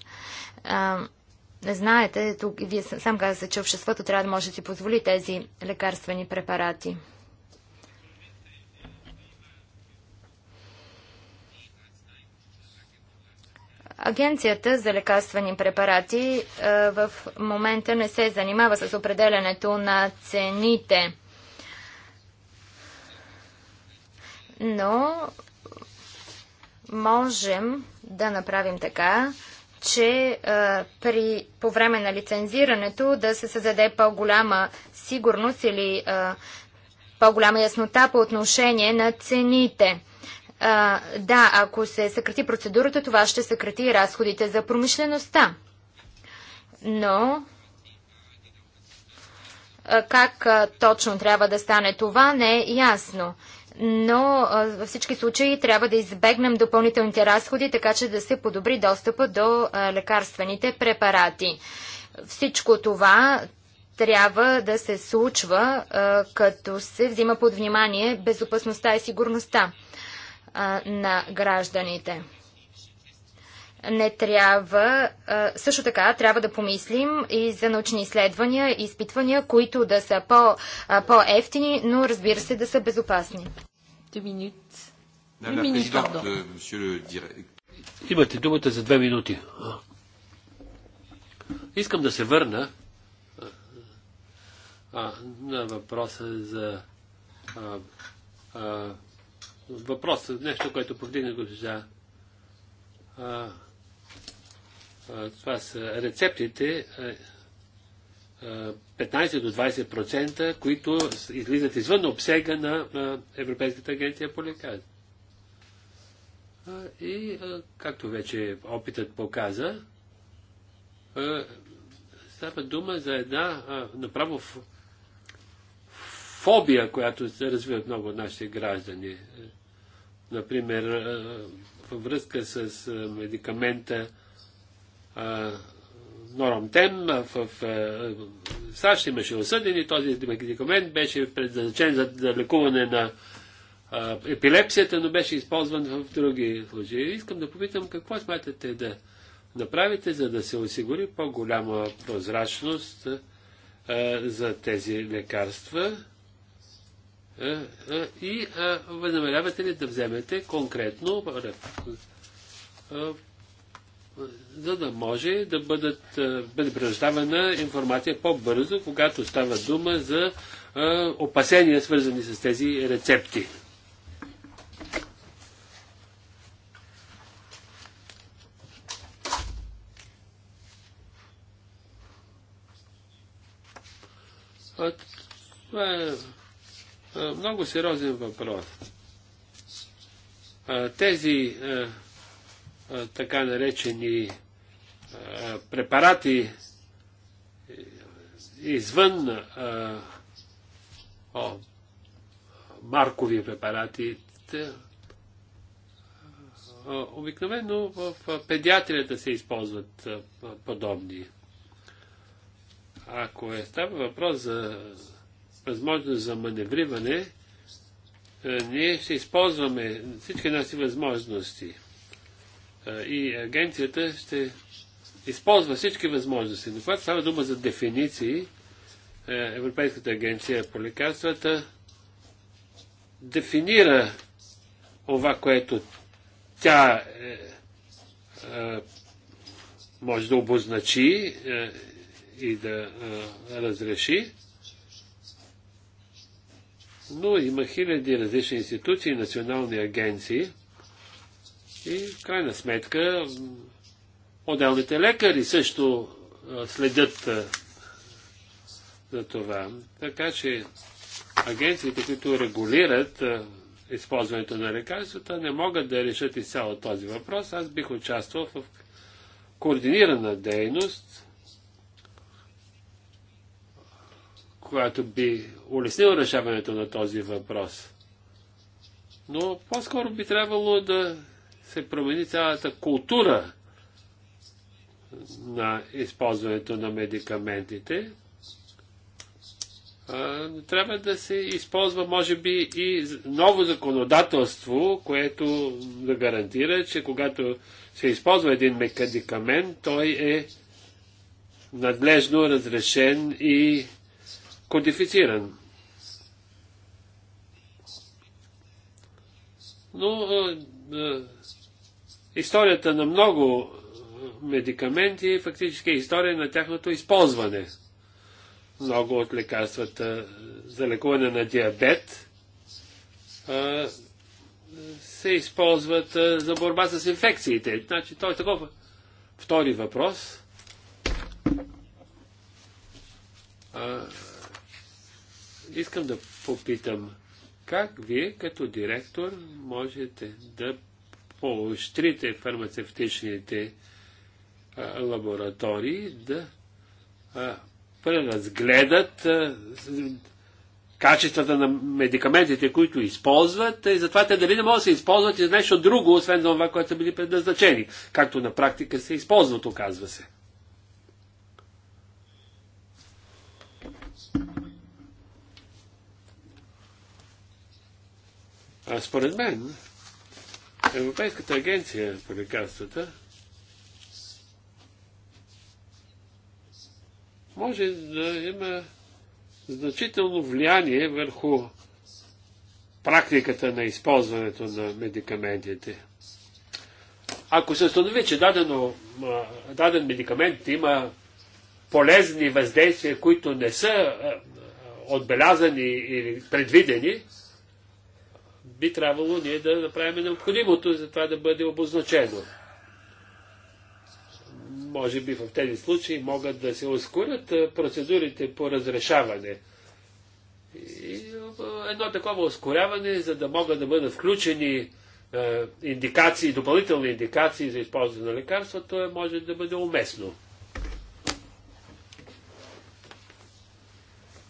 знаете, тук вие сам казвате, че обществото трябва да може да си позволи тези лекарствени препарати. Агенцията за лекарствени препарати е, в момента не се занимава с определенето на цените. Но можем да направим така, че а, при, по време на лицензирането да се създаде по-голяма сигурност или по-голяма яснота по отношение на цените. А, да, ако се съкрати процедурата, това ще съкрати разходите за промишлеността. Но как а, точно трябва да стане това, не е ясно но във всички случаи трябва да избегнем допълнителните разходи, така че да се подобри достъпа до лекарствените препарати. Всичко това трябва да се случва, като се взима под внимание безопасността и сигурността на гражданите не трябва. Също така трябва да помислим и за научни изследвания и изпитвания, които да са по, по-ефтини, но разбира се да са безопасни. Е, Имате думата за две минути. Искам да се върна на въпроса за въпроса, нещо, което повдигна госпожа това са рецептите 15 е, е, до 20%, които излизат извън обсега на Европейската агенция по лекарства. И, както вече опитът показа, е, става дума за една направо фобия, която се развиват много от нашите граждани. Например, във връзка с медикамента Нором-Тем в САЩ имаше и Този медикамент беше предназначен за, за лекуване на епилепсията, но беше използван в други случаи. Искам да попитам какво смятате да направите, за да се осигури по-голяма прозрачност за тези лекарства и възнамерявате ли да вземете конкретно за да може да бъдат, е, предупреждавана информация по-бързо, когато става дума за е, опасения, свързани с тези рецепти. Това е, е много сериозен въпрос. Тези така наречени препарати е, извън о, маркови препарати, обикновено в педиатрията се използват подобни. Ако е става въпрос за възможност за маневриване, е, ние ще използваме всички наши възможности и агенцията ще използва всички възможности. Но когато става дума за дефиниции, е, Европейската агенция по лекарствата дефинира това, което тя е, е, може да обозначи е, и да е, разреши. Но има хиляди различни институции, национални агенции, и в крайна сметка отделните лекари също следят за това. Така че агенциите, които регулират използването на лекарствата, не могат да решат изцяло този въпрос. Аз бих участвал в координирана дейност, която би улеснила решаването на този въпрос. Но по-скоро би трябвало да се промени цялата култура на използването на медикаментите. Трябва да се използва, може би, и ново законодателство, което да гарантира, че когато се използва един медикамент, той е надлежно разрешен и кодифициран. Но Историята на много е, медикаменти е фактически история на тяхното използване. Много от лекарствата е, за лекуване на диабет а, е, се използват а, за борба с инфекциите. Значи, той е такова. Втори въпрос. А, искам да попитам, как вие като директор можете да поощрите фармацевтичните лаборатории да преразгледат качествата на медикаментите, които използват, и затова те дали не могат да се използват и за нещо друго, освен за това, което са били предназначени, както на практика се използват, оказва се. А според мен, Европейската агенция по лекарствата може да има значително влияние върху практиката на използването на медикаментите. Ако се установи, че дадено, даден медикамент има полезни въздействия, които не са отбелязани или предвидени, би трябвало ние да направим необходимото за това да бъде обозначено. Може би в тези случаи могат да се ускорят процедурите по разрешаване. И едно такова ускоряване, за да могат да бъдат включени индикации, допълнителни индикации за използване на лекарството, е, може да бъде уместно.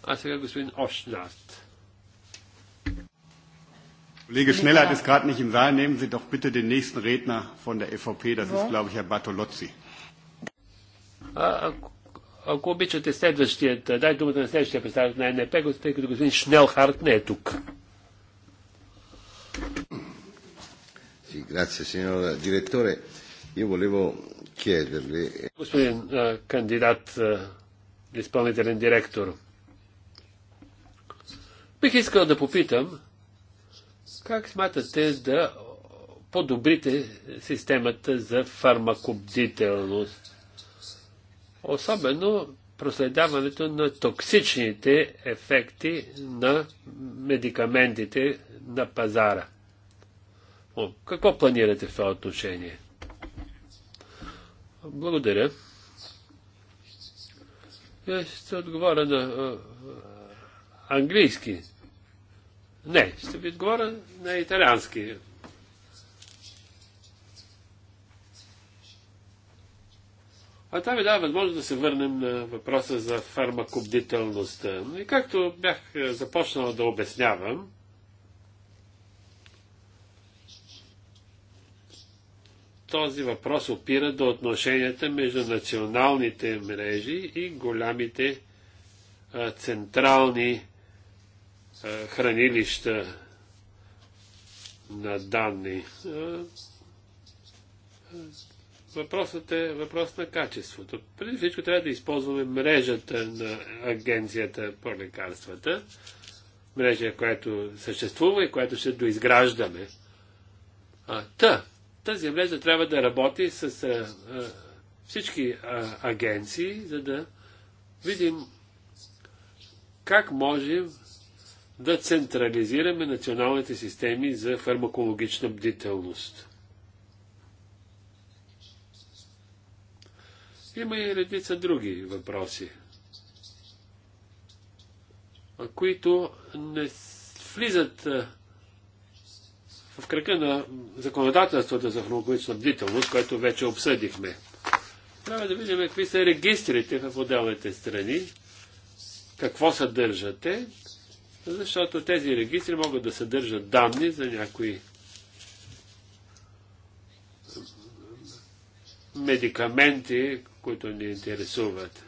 А сега господин Ошнат. Kollege Schnellert ist gerade nicht im Saal. Nehmen Sie doch bitte den nächsten Redner von der EVP. Das ist, glaube ich, Herr Bartolozzi. Ако обичате следващият, дай думата на следващия представител на НП, тъй като господин Шнелхарт не е тук. Grazie signor Direttore. Io volevo Господин кандидат, изпълнителен директор, бих искал да попитам, как смятате да подобрите системата за фармакобдителност? Особено проследяването на токсичните ефекти на медикаментите на пазара. О, какво планирате в това отношение? Благодаря. Я ще отговоря на английски. Не, ще ви отговоря на италиански. А това ми дава възможност да се върнем на въпроса за фармакобдителността. И както бях е, започнал да обяснявам, този въпрос опира до отношенията между националните мрежи и голямите а, централни е, хранилища на данни. Е, е, въпросът е въпрос на качеството. Преди всичко трябва да използваме мрежата на агенцията по лекарствата. Мрежа, която съществува и която ще доизграждаме. А, та, тази мрежа трябва да работи с а, а, всички а, агенции, за да видим как можем да централизираме националните системи за фармакологична бдителност. Има и редица други въпроси, които не влизат в кръга на законодателството за хронологична бдителност, което вече обсъдихме. Трябва да видим какви са регистрите в отделните страни, какво съдържате защото тези регистри могат да съдържат данни за някои медикаменти, които ни интересуват.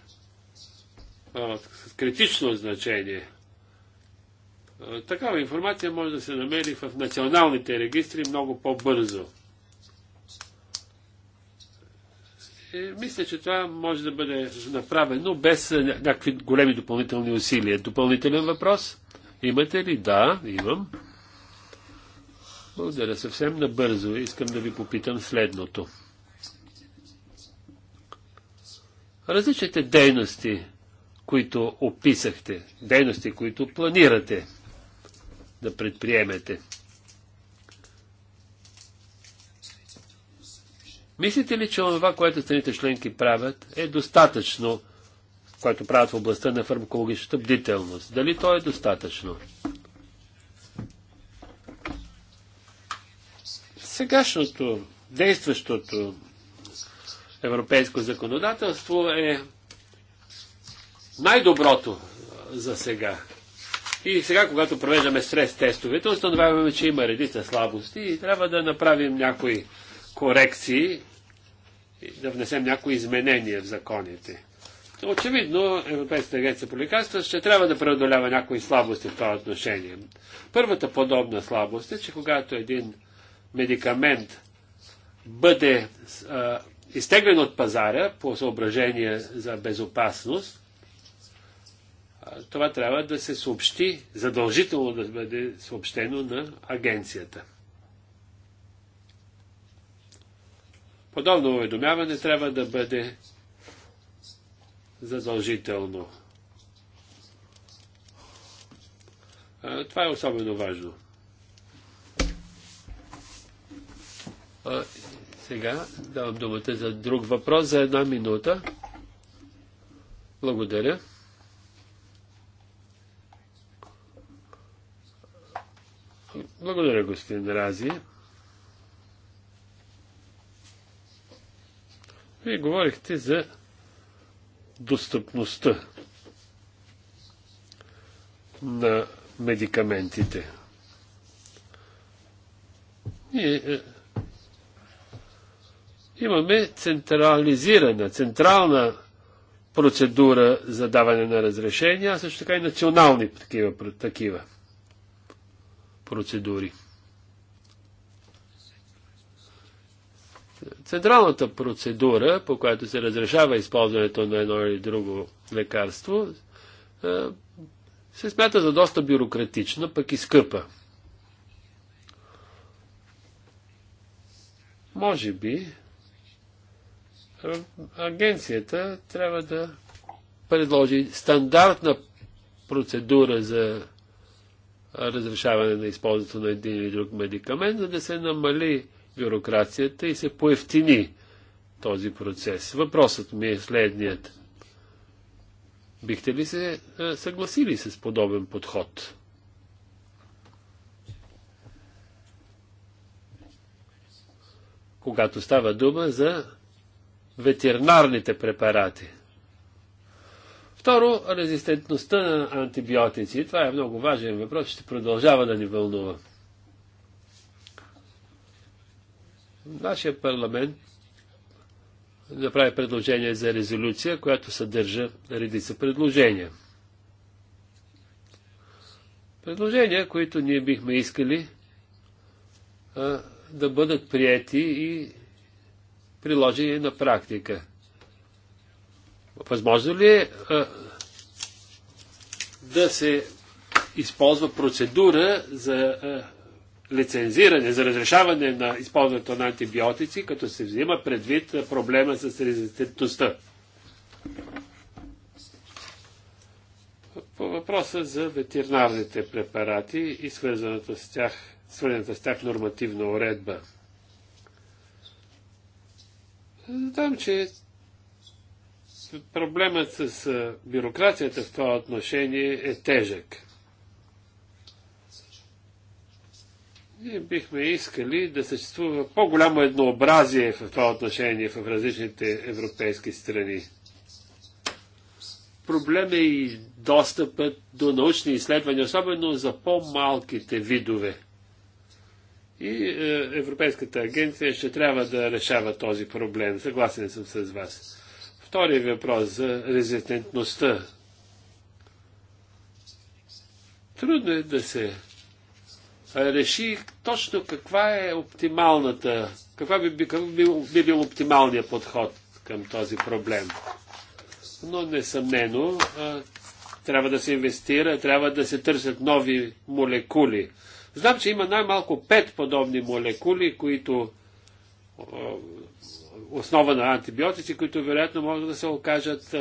С критично значение. Такава информация може да се намери в националните регистри много по-бързо. И е, мисля, че това може да бъде направено без някакви големи допълнителни усилия. Допълнителен въпрос? Имате ли? Да, имам. Благодаря. Съвсем набързо искам да ви попитам следното. Различните дейности, които описахте, дейности, които планирате да предприемете. Мислите ли, че това, което страните членки правят, е достатъчно което правят в областта на фармакологичната бдителност. Дали то е достатъчно? Сегашното, действащото европейско законодателство е най-доброто за сега. И сега, когато провеждаме стрес тестовете, установяваме, че има редица слабости и трябва да направим някои корекции, да внесем някои изменения в законите. Очевидно, Европейската агенция по лекарства ще трябва да преодолява някои слабости в това отношение. Първата подобна слабост е, че когато един медикамент бъде а, изтеглен от пазара по съображение за безопасност, това трябва да се съобщи, задължително да бъде съобщено на агенцията. Подобно уведомяване трябва да бъде задължително. Това е особено важно. Сега давам думата за друг въпрос за една минута. Благодаря. Благодаря, господин Рази. Вие говорихте за достъпността на медикаментите. Ние е, имаме централизирана, централна процедура за даване на разрешения, а също така и национални такива, такива процедури. Централната процедура, по която се разрешава използването на едно или друго лекарство, се смята за доста бюрократична, пък и скъпа. Може би агенцията трябва да предложи стандартна процедура за разрешаване на използването на един или друг медикамент, за да се намали бюрокрацията и се поевтини този процес. Въпросът ми е следният. Бихте ли се е, съгласили с подобен подход? Когато става дума за ветеринарните препарати. Второ, резистентността на антибиотици. Това е много важен въпрос, ще продължава да ни вълнува. Нашия парламент направи предложение за резолюция, която съдържа редица предложения. Предложения, които ние бихме искали а, да бъдат прияти и приложени на практика. Възможно ли е да се използва процедура за а, лицензиране, за разрешаване на използването на антибиотици, като се взима предвид проблема с резистентността. По въпроса за ветеринарните препарати и свързаната с тях, свързаната с тях нормативна уредба. Знам, че проблемът с бюрокрацията в това отношение е тежък. Ние бихме искали да съществува по-голямо еднообразие в това отношение в различните европейски страни. Проблем е и достъпът до научни изследвания, особено за по-малките видове. И е, Европейската агенция ще трябва да решава този проблем. Съгласен съм с вас. Втория въпрос за резистентността. Трудно е да се реши точно каква е оптималната, каква би, би, би, би бил оптималният подход към този проблем. Но несъмнено трябва да се инвестира, трябва да се търсят нови молекули. Знам, че има най-малко пет подобни молекули, които основа на антибиотици, които вероятно могат да се окажат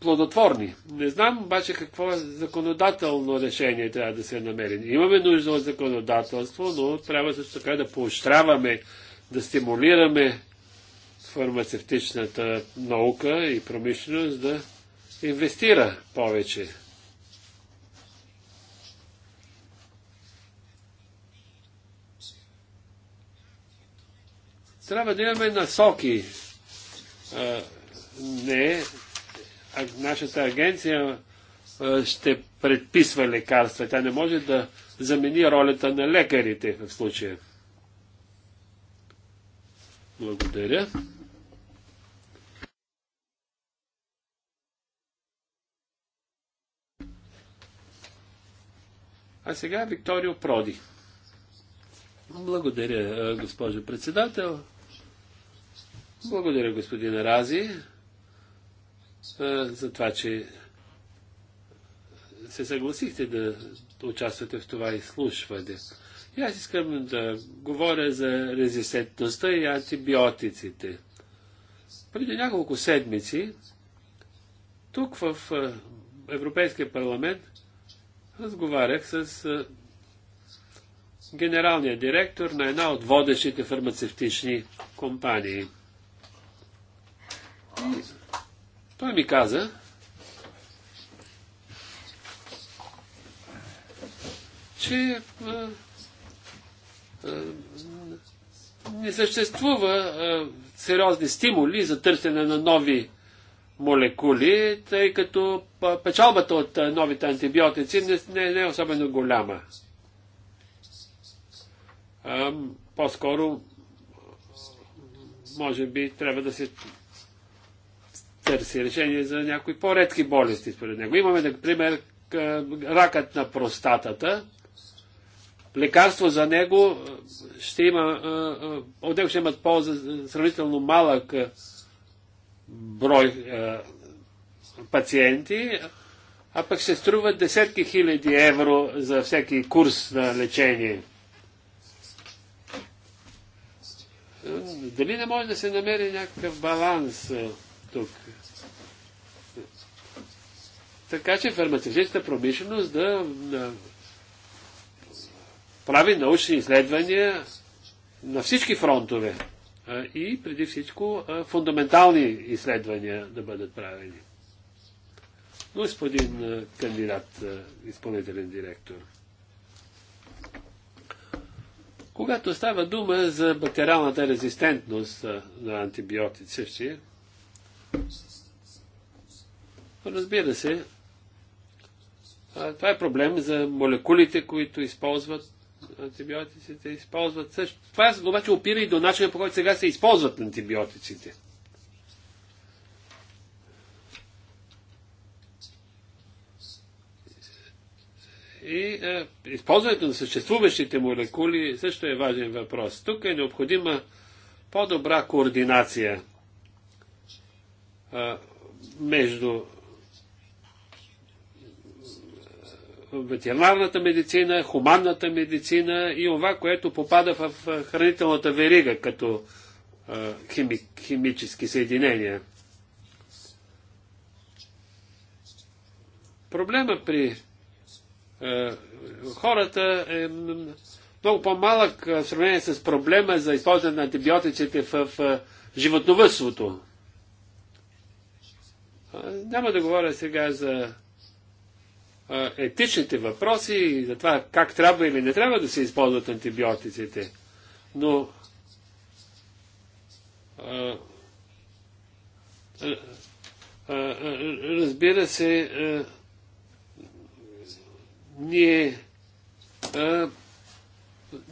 плодотворни. Не знам обаче какво е законодателно решение трябва да се намери. Имаме нужда от законодателство, но трябва също така да поощряваме, да стимулираме фармацевтичната наука и промишленост да инвестира повече. Трябва да имаме насоки. не нашата агенция ще предписва лекарства. Тя не може да замени ролята на лекарите в случая. Благодаря. А сега Викторио Проди. Благодаря, госпожо председател. Благодаря, господин Рази за това, че се съгласихте да участвате в това изслушване. И аз искам да говоря за резистентността и антибиотиците. Преди няколко седмици, тук в Европейския парламент, разговарях с генералния директор на една от водещите фармацевтични компании. Той ми каза, че а, е, а, е, не съществува а, е, сериозни стимули за търсене на нови молекули, тъй като печалбата от новите антибиотици не, не, не е особено голяма. по-скоро, може би, трябва да се търси решение за някои по-редки болести, според него. Имаме, например, ракът на простатата. Лекарство за него ще има, от него ще имат полза сравнително малък брой пациенти, а пък ще струват десетки хиляди евро за всеки курс на лечение. Дали не може да се намери някакъв баланс? тук. Така че фармацевтичната промишленост да, да прави научни изследвания на всички фронтове и преди всичко фундаментални изследвания да бъдат правени. Господин кандидат, изпълнителен директор. Когато става дума за бактериалната резистентност на антибиотици, Разбира се, това е проблем за молекулите, които използват антибиотиците, използват също. Това обаче опира и до начина по който сега се използват антибиотиците. И е, използването на съществуващите молекули също е важен въпрос. Тук е необходима по-добра координация между ветеринарната медицина, хуманната медицина и това, което попада в хранителната верига като хими, химически съединения. Проблема при е, хората е много по-малък в сравнение с проблема за използване на антибиотиците в, в животновътството. Няма да говоря сега за етичните въпроси и за това как трябва или не трябва да се използват антибиотиците. Но разбира се, ние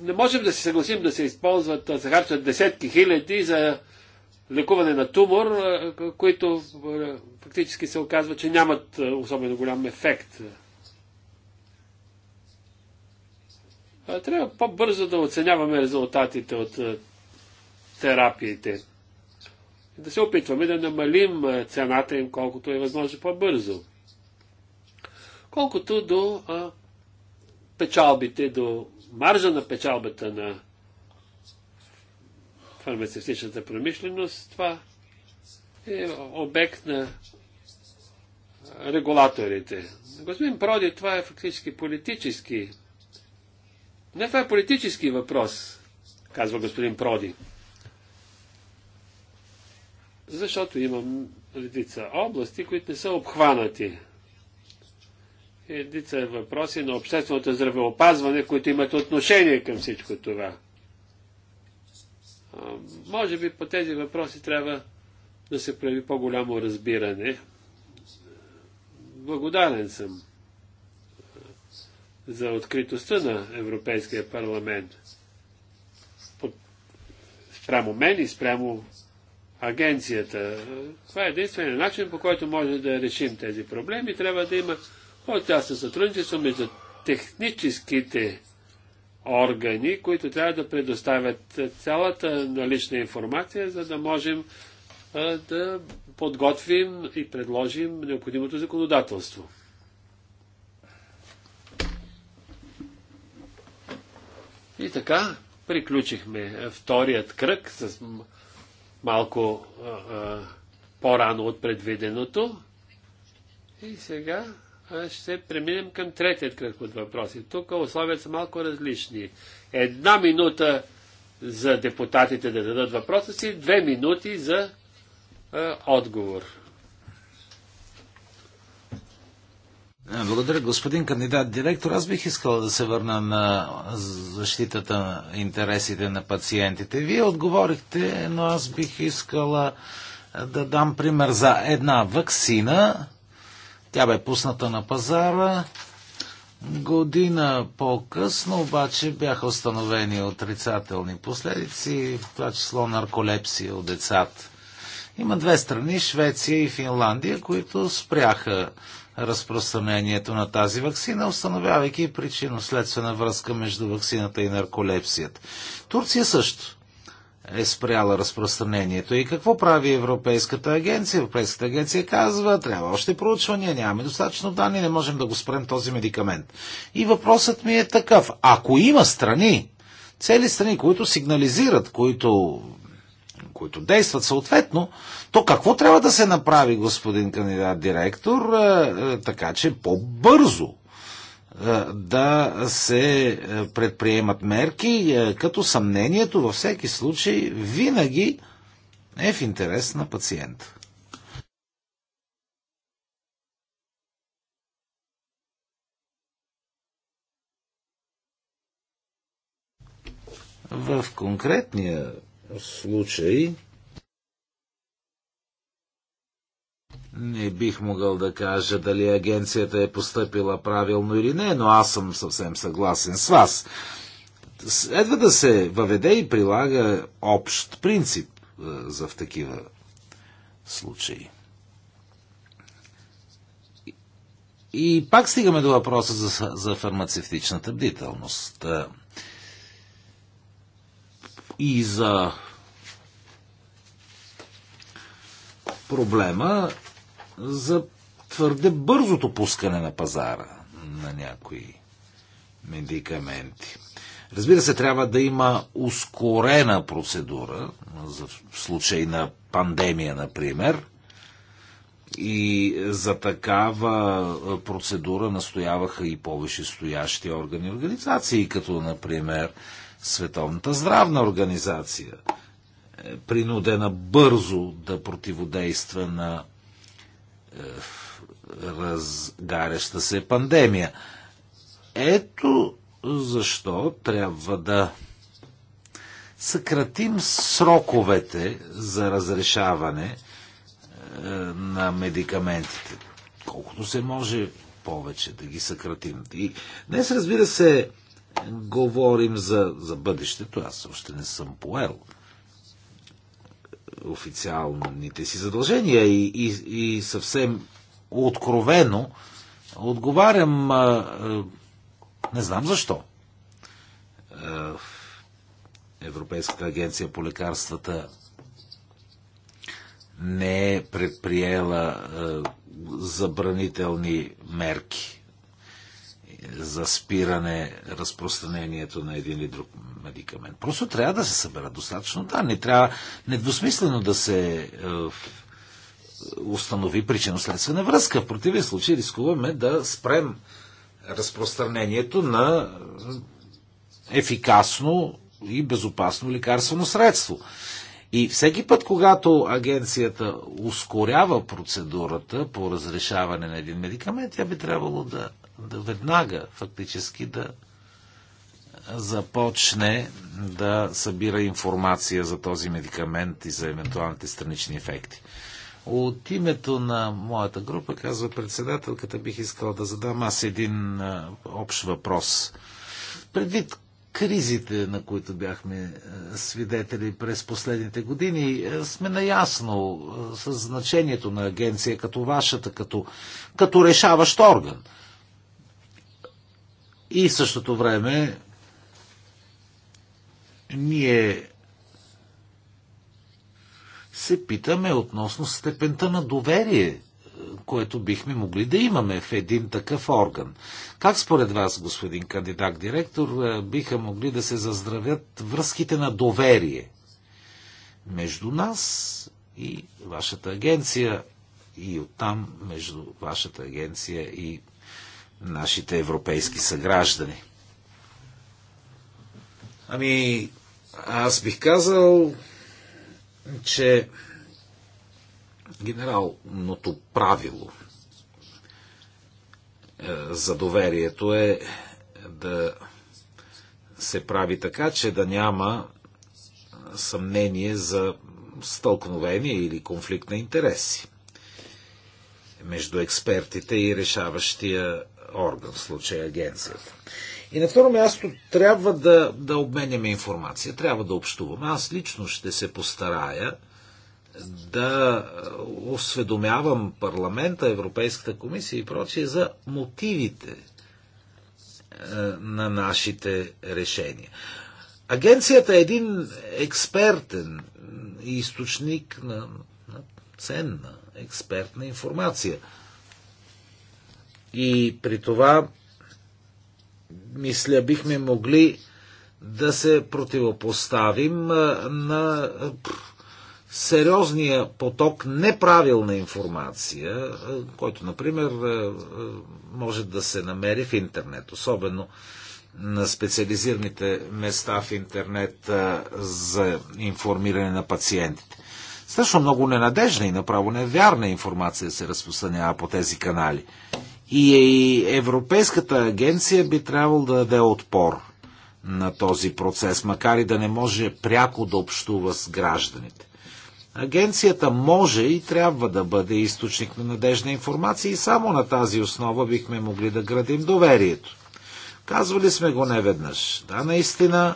не можем да се съгласим да се използват, да се харчат десетки хиляди за лекуване на тумор, които фактически се оказва, че нямат особено голям ефект. Трябва по-бързо да оценяваме резултатите от терапиите. Да се опитваме да намалим цената им колкото е възможно по-бързо. Колкото до печалбите, до маржа на печалбата на фармацевтичната промишленост, това е обект на регулаторите. Господин Проди, това е фактически политически. Не, това е политически въпрос, казва господин Проди. Защото имам редица области, които не са обхванати. Редица въпроси на общественото здравеопазване, които имат отношение към всичко това. Може би по тези въпроси трябва да се прави по-голямо разбиране. Благодарен съм за откритостта на Европейския парламент спрямо мен и спрямо агенцията. Това е единственият начин, по който може да решим тези проблеми. Трябва да има по-тясно сътрудничество между техническите органи, които трябва да предоставят цялата налична информация, за да можем да подготвим и предложим необходимото законодателство. И така, приключихме вторият кръг с малко по-рано от предвиденото. И сега ще преминем към третият кръг от въпроси. Тук условията са малко различни. Една минута за депутатите да дадат въпроса си, две минути за а, отговор. Благодаря, господин кандидат директор. Аз бих искал да се върна на защитата на интересите на пациентите. Вие отговорихте, но аз бих искала да дам пример за една вакцина, тя бе пусната на пазара. Година по-късно обаче бяха установени отрицателни последици, в това число нарколепсия от децата. Има две страни, Швеция и Финландия, които спряха разпространението на тази вакцина, установявайки причинно-следствена връзка между вакцината и нарколепсията. Турция също е спряла разпространението. И какво прави Европейската агенция? Европейската агенция казва, трябва още проучвания, нямаме достатъчно данни, не можем да го спрем този медикамент. И въпросът ми е такъв. Ако има страни, цели страни, които сигнализират, които, които действат съответно, то какво трябва да се направи, господин кандидат директор, е, е, така че по-бързо е, да се е, предприемат мерки, е, като съмнението във всеки случай винаги е в интерес на пациента. В конкретния случай Не бих могъл да кажа дали агенцията е поступила правилно или не, но аз съм съвсем съгласен с вас. Следва да се въведе и прилага общ принцип е, за в такива случаи. И пак стигаме до въпроса за, за фармацевтичната бдителност. Е, и за проблема за твърде бързото пускане на пазара на някои медикаменти. Разбира се, трябва да има ускорена процедура за в случай на пандемия, например. И за такава процедура настояваха и повече стоящи органи и организации, като например Световната здравна организация, е принудена бързо да противодейства на е, разгаряща се пандемия. Ето защо трябва да съкратим сроковете за разрешаване е, на медикаментите. Колкото се може повече да ги съкратим. И днес, разбира се, говорим за, за бъдещето. Аз още не съм поел официалните си задължения и, и, и съвсем откровено отговарям, а, а, не знам защо. А, Европейската агенция по лекарствата не е предприела а, забранителни мерки за спиране разпространението на един или друг медикамент. Просто трябва да се събера достатъчно данни. Трябва недвусмислено да се е, установи причинно-следствена връзка. В противен случай рискуваме да спрем разпространението на ефикасно и безопасно лекарствено средство. И всеки път, когато агенцията ускорява процедурата по разрешаване на един медикамент, тя би трябвало да веднага фактически да започне да събира информация за този медикамент и за евентуалните странични ефекти. От името на моята група, казва председателката, бих искал да задам аз един общ въпрос. Предвид кризите, на които бяхме свидетели през последните години, сме наясно с значението на агенция като вашата, като, като решаващ орган – и в същото време ние се питаме относно степента на доверие, което бихме могли да имаме в един такъв орган. Как според вас, господин кандидат директор, е, биха могли да се заздравят връзките на доверие между нас и вашата агенция и оттам между вашата агенция и нашите европейски съграждани. Ами, аз бих казал, че генералното правило е, за доверието е да се прави така, че да няма съмнение за стълкновение или конфликт на интереси между експертите и решаващия орган, в случая агенцията. И на второ място трябва да, да обменяме информация, трябва да общуваме. Аз лично ще се постарая да осведомявам парламента, Европейската комисия и прочие за мотивите е, на нашите решения. Агенцията е един експертен източник на, на ценна експертна информация – и при това, мисля, бихме могли да се противопоставим на сериозния поток неправилна информация, който, например, може да се намери в интернет, особено на специализираните места в интернет за информиране на пациентите. Страшно много ненадежна и направо невярна информация се разпространява по тези канали. И Европейската агенция би трябвало да даде отпор на този процес, макар и да не може пряко да общува с гражданите. Агенцията може и трябва да бъде източник на надежна информация и само на тази основа бихме могли да градим доверието. Казвали сме го неведнъж. Да, наистина,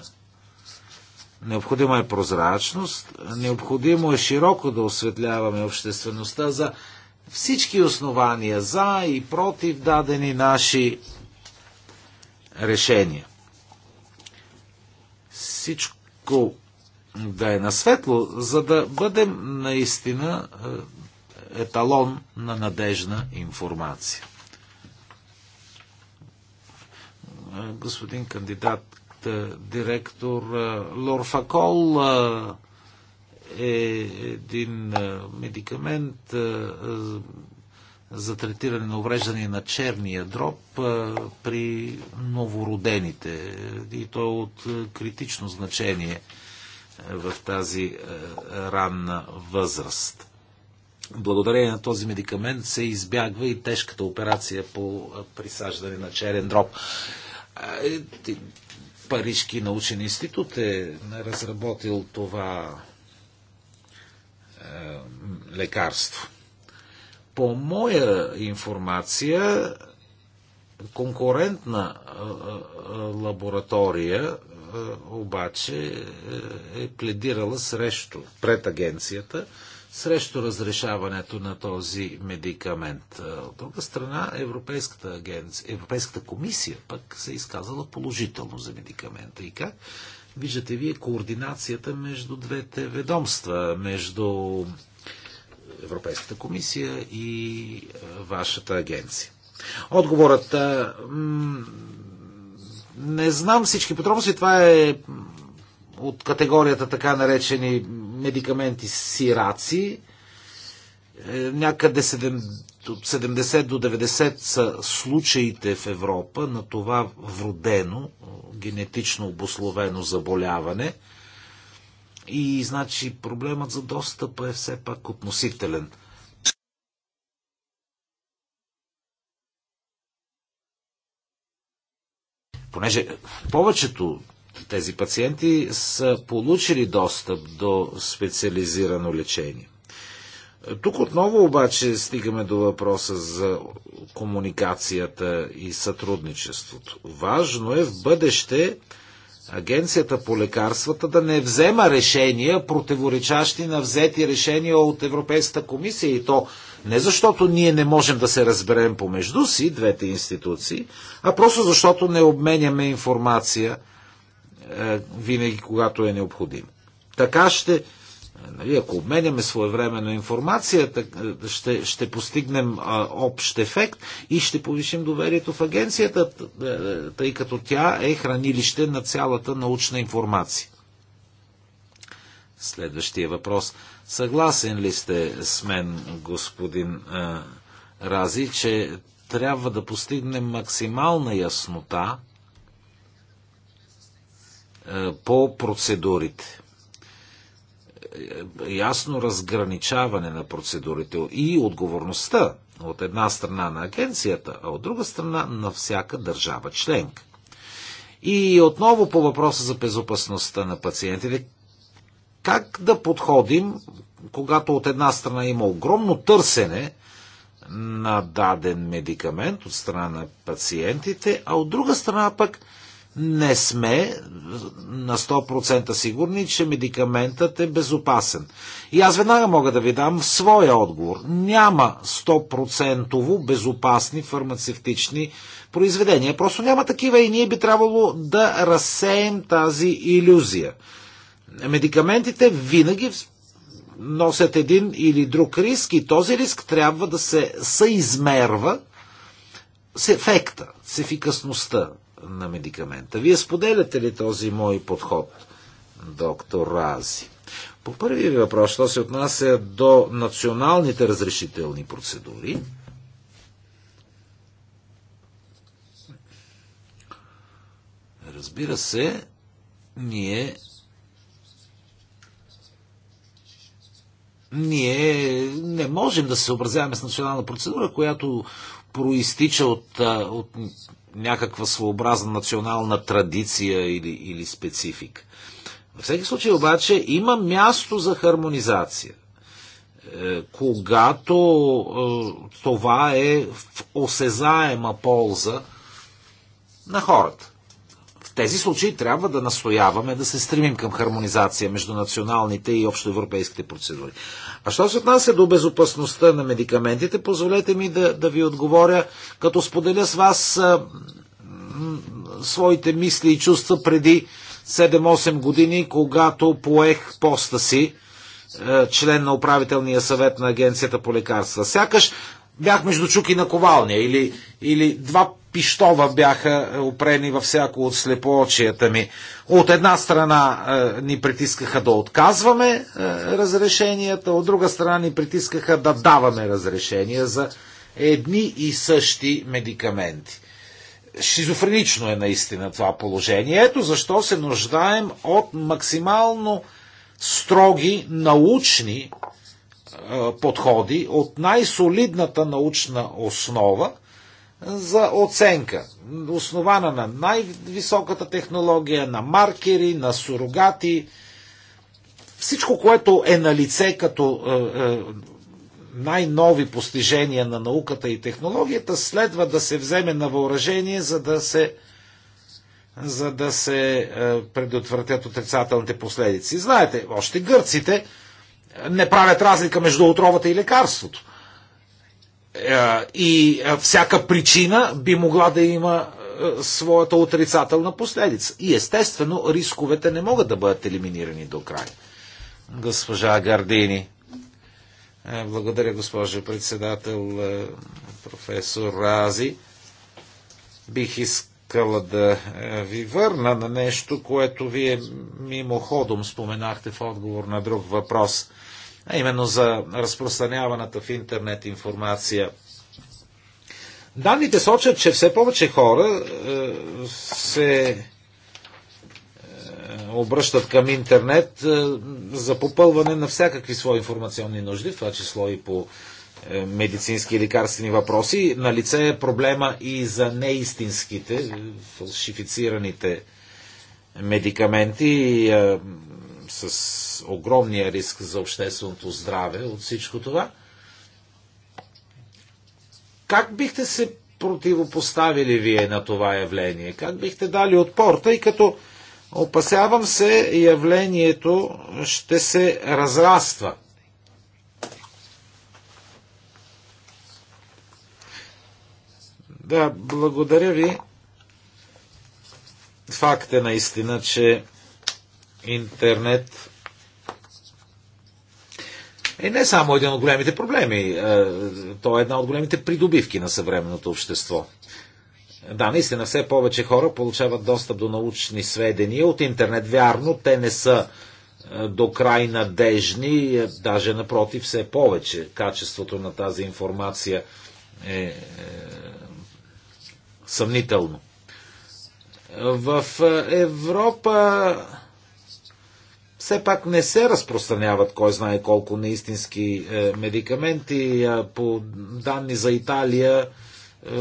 необходима е прозрачност, необходимо е широко да осветляваме обществеността за всички основания за и против дадени наши решения. Всичко да е на светло, за да бъдем наистина е, еталон на надежна информация. Господин кандидат директор е, Лорфакол е, е един е, медикамент е, е, за третиране на увреждане на черния дроб при новородените. И то е от критично значение в тази ранна възраст. Благодарение на този медикамент се избягва и тежката операция по присаждане на черен дроб. Парижки научен институт е разработил това е, лекарство. По моя информация, конкурентна лаборатория обаче е, е пледирала срещу, пред агенцията, срещу разрешаването на този медикамент. От друга страна, Европейската, агенция, Европейската комисия пък се е изказала положително за медикамента. И как виждате вие координацията между двете ведомства, между Европейската комисия и вашата агенция. Отговорът. Не знам всички подробности. Това е от категорията така наречени медикаменти сираци. Е, някъде 70 до 90 са случаите в Европа на това вродено, генетично обословено заболяване. И значи проблемът за достъпа е все пак относителен. Понеже повечето тези пациенти са получили достъп до специализирано лечение. Тук отново обаче стигаме до въпроса за комуникацията и сътрудничеството. Важно е в бъдеще Агенцията по лекарствата да не взема решения, противоречащи на взети решения от Европейската комисия. И то не защото ние не можем да се разберем помежду си, двете институции, а просто защото не обменяме информация е, винаги, когато е необходимо. Така ще нали, ако обменяме своевременно информацията, ще, ще постигнем а, общ ефект и ще повишим доверието в агенцията, е, тъй като тя е хранилище на цялата научна информация. Следващия въпрос. Съгласен ли сте с мен, господин а, Рази, че трябва да постигнем максимална яснота а, по процедурите? ясно разграничаване на процедурите и отговорността от една страна на агенцията, а от друга страна на всяка държава членка. И отново по въпроса за безопасността на пациентите, как да подходим, когато от една страна има огромно търсене на даден медикамент от страна на пациентите, а от друга страна пък не сме на 100% сигурни, че медикаментът е безопасен. И аз веднага мога да ви дам своя отговор. Няма 100% безопасни фармацевтични произведения. Просто няма такива и ние би трябвало да разсеем тази иллюзия. Медикаментите винаги носят един или друг риск и този риск трябва да се съизмерва с ефекта, с ефикасността, на медикамента. Вие споделяте ли този мой подход, доктор Рази? По първия ви въпрос, що се отнася до националните разрешителни процедури, разбира се, ние ние не можем да се съобразяваме с национална процедура, която проистича от, от някаква своеобразна национална традиция или, или специфика. Във всеки случай обаче има място за хармонизация, е, когато е, това е в осезаема полза на хората тези случаи трябва да настояваме да се стремим към хармонизация между националните и общоевропейските процедури. А що се отнася до безопасността на медикаментите, позволете ми да, да ви отговоря, като споделя с вас а, своите мисли и чувства преди 7-8 години, когато поех поста си е, член на управителния съвет на Агенцията по лекарства. Сякаш бях между чуки на Ковалния или, или два пищова бяха е, опрени във всяко от слепоочията ми. От една страна е, ни притискаха да отказваме е, разрешенията, от друга страна ни притискаха да даваме разрешения за едни и същи медикаменти. Шизофренично е наистина това положение. Ето защо се нуждаем от максимално строги научни е, подходи, от най-солидната научна основа – за оценка, основана на най-високата технология, на маркери, на сурогати, всичко, което е на лице като е, е, най-нови постижения на науката и технологията, следва да се вземе на въоръжение, за да се, за да се е, предотвратят отрицателните последици. Знаете, още гърците не правят разлика между отровата и лекарството. Е, и е, всяка причина би могла да има е, своята отрицателна последица. И естествено, рисковете не могат да бъдат елиминирани до край. Госпожа Гардини. Благодаря, госпожо председател, професор Рази. Бих искала да ви върна на нещо, което вие мимоходом споменахте в отговор на друг въпрос – а именно за разпространяваната в интернет информация. Данните сочат, че все повече хора е, се е, обръщат към интернет е, за попълване на всякакви свои информационни нужди, в това число и по медицински и лекарствени въпроси. На лице е проблема и за неистинските, фалшифицираните медикаменти с огромния риск за общественото здраве от всичко това. Как бихте се противопоставили вие на това явление? Как бихте дали отпор, тъй като опасявам се явлението ще се разраства? Да, благодаря ви. Факт е наистина, че интернет е не само един от големите проблеми, то е една от големите придобивки на съвременното общество. Да, наистина все повече хора получават достъп до научни сведения от интернет. Вярно, те не са до край надежни, даже напротив, все повече качеството на тази информация е, е съмнително. В Европа все пак не се разпространяват кой знае колко неистински е, медикаменти. По данни за Италия е,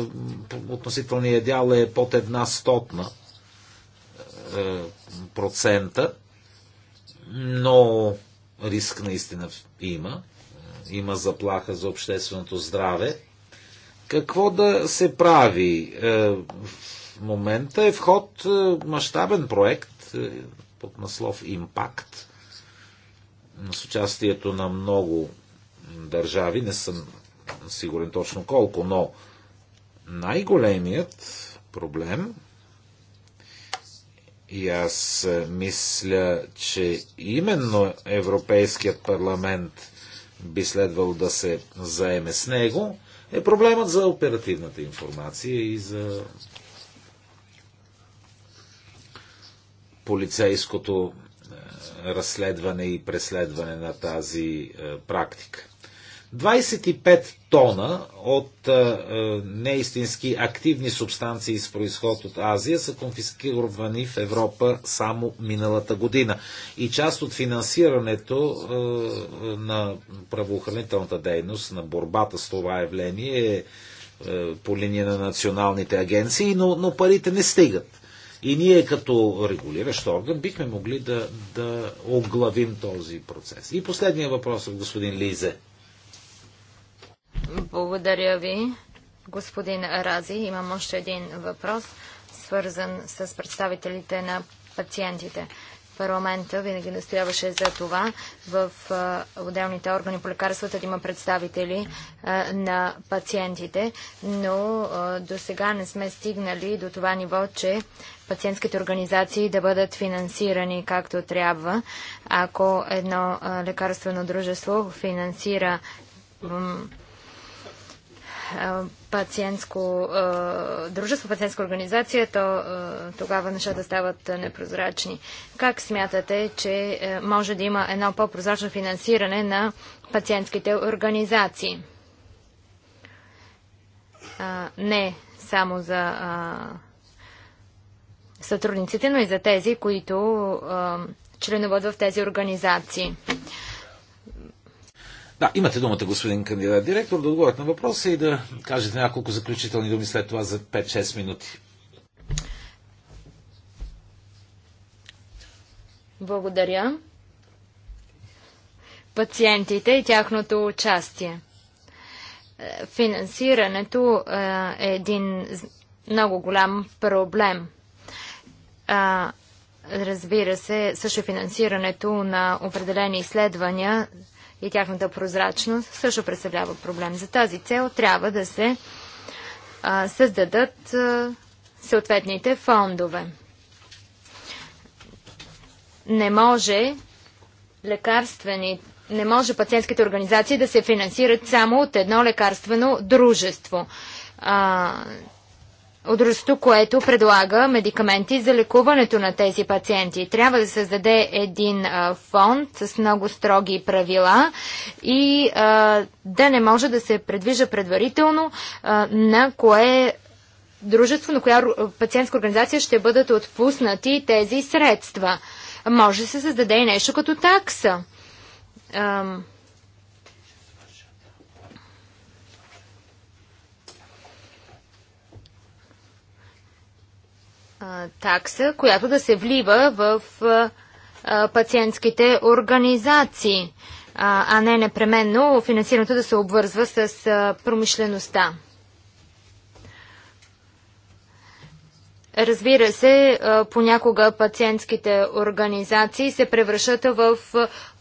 относителният дял е под една стотна е, процента, но риск наистина има. Има заплаха за общественото здраве. Какво да се прави? В момента е вход мащабен проект под наслов Импакт с участието на много държави. Не съм сигурен точно колко, но най-големият проблем и аз мисля, че именно Европейският парламент би следвал да се заеме с него, е проблемът за оперативната информация и за полицейското е, разследване и преследване на тази е, практика. 25 тона от е, неистински активни субстанции с происход от Азия са конфискирани в Европа само миналата година. И част от финансирането на правоохранителната дейност, на борбата с това явление е по линия на националните агенции, но, но парите не стигат и ние като регулиращ орган бихме могли да, да оглавим този процес. И последния въпрос от господин Лизе. Благодаря ви, господин Рази. Имам още един въпрос, свързан с представителите на пациентите парламента винаги настояваше за това в отделните органи по лекарствата да има представители на пациентите, но до сега не сме стигнали до това ниво, че пациентските организации да бъдат финансирани както трябва. Ако едно лекарствено дружество финансира пациентско дружество, пациентска организация, то тогава нещата стават непрозрачни. Как смятате, че може да има едно по-прозрачно финансиране на пациентските организации? Не само за сътрудниците, но и за тези, които членуват в тези организации. Да, имате думата, господин кандидат директор, да отговорят на въпроса и да кажете няколко заключителни думи след това за 5-6 минути. Благодаря. Пациентите и тяхното участие. Финансирането е един много голям проблем. Разбира се, също е финансирането на определени изследвания и тяхната прозрачност също представлява проблем. За тази цел трябва да се а, създадат а, съответните фондове. Не може лекарствени, не може пациентските организации да се финансират само от едно лекарствено дружество. А, от което предлага медикаменти за лекуването на тези пациенти. Трябва да създаде един а, фонд с много строги правила и а, да не може да се предвижа предварително а, на кое дружество, на коя пациентска организация ще бъдат отпуснати тези средства. Може да се създаде и нещо като такса. такса, която да се влива в пациентските организации, а, не непременно финансирането да се обвързва с промишлеността. Разбира се, понякога пациентските организации се превръщат в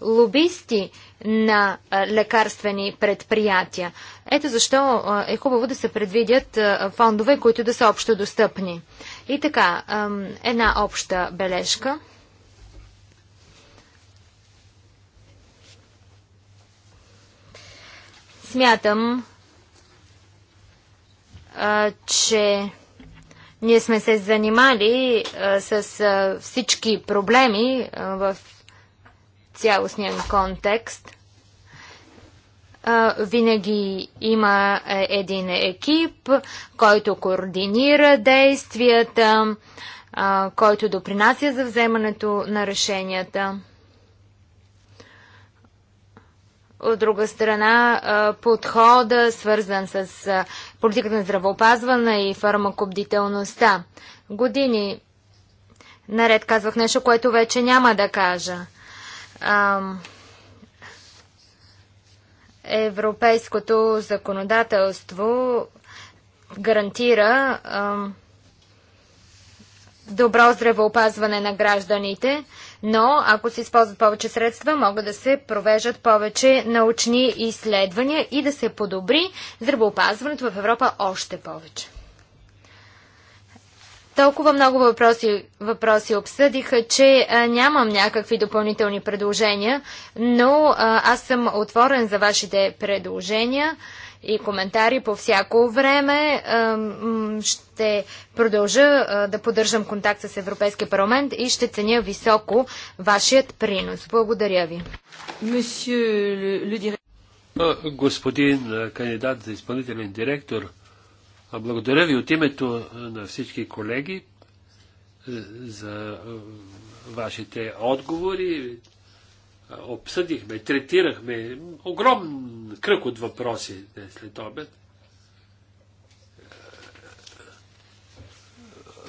лобисти на лекарствени предприятия. Ето защо е хубаво да се предвидят фондове, които да са общо достъпни. И така, една обща бележка. Смятам, че ние сме се занимали с всички проблеми в цялостния контекст – винаги има е, един екип, който координира действията, който допринася за вземането на решенията. От друга страна, подхода, свързан с политиката на здравеопазване и фармакобдителността. Години наред казвах нещо, което вече няма да кажа. Европейското законодателство гарантира ам, добро здравеопазване на гражданите, но ако се използват повече средства, могат да се провеждат повече научни изследвания и да се подобри здравеопазването в Европа още повече. Толкова много въпроси, въпроси обсъдиха, че а, нямам някакви допълнителни предложения, но а, аз съм отворен за вашите предложения и коментари по всяко време. Ще продължа да поддържам контакт с Европейския парламент и ще ценя високо вашият принос. Благодаря ви. Господин кандидат за изпълнителен директор, благодаря ви от името на всички колеги е, за е, вашите отговори. Е, обсъдихме, третирахме огромен кръг от въпроси след обед.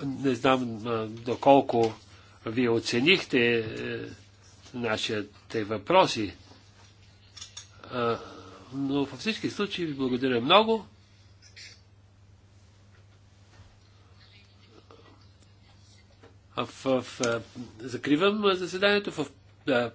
Не знам доколко вие оценихте нашите въпроси, но във всички случаи ви благодаря много. в, в, закривам заседанието в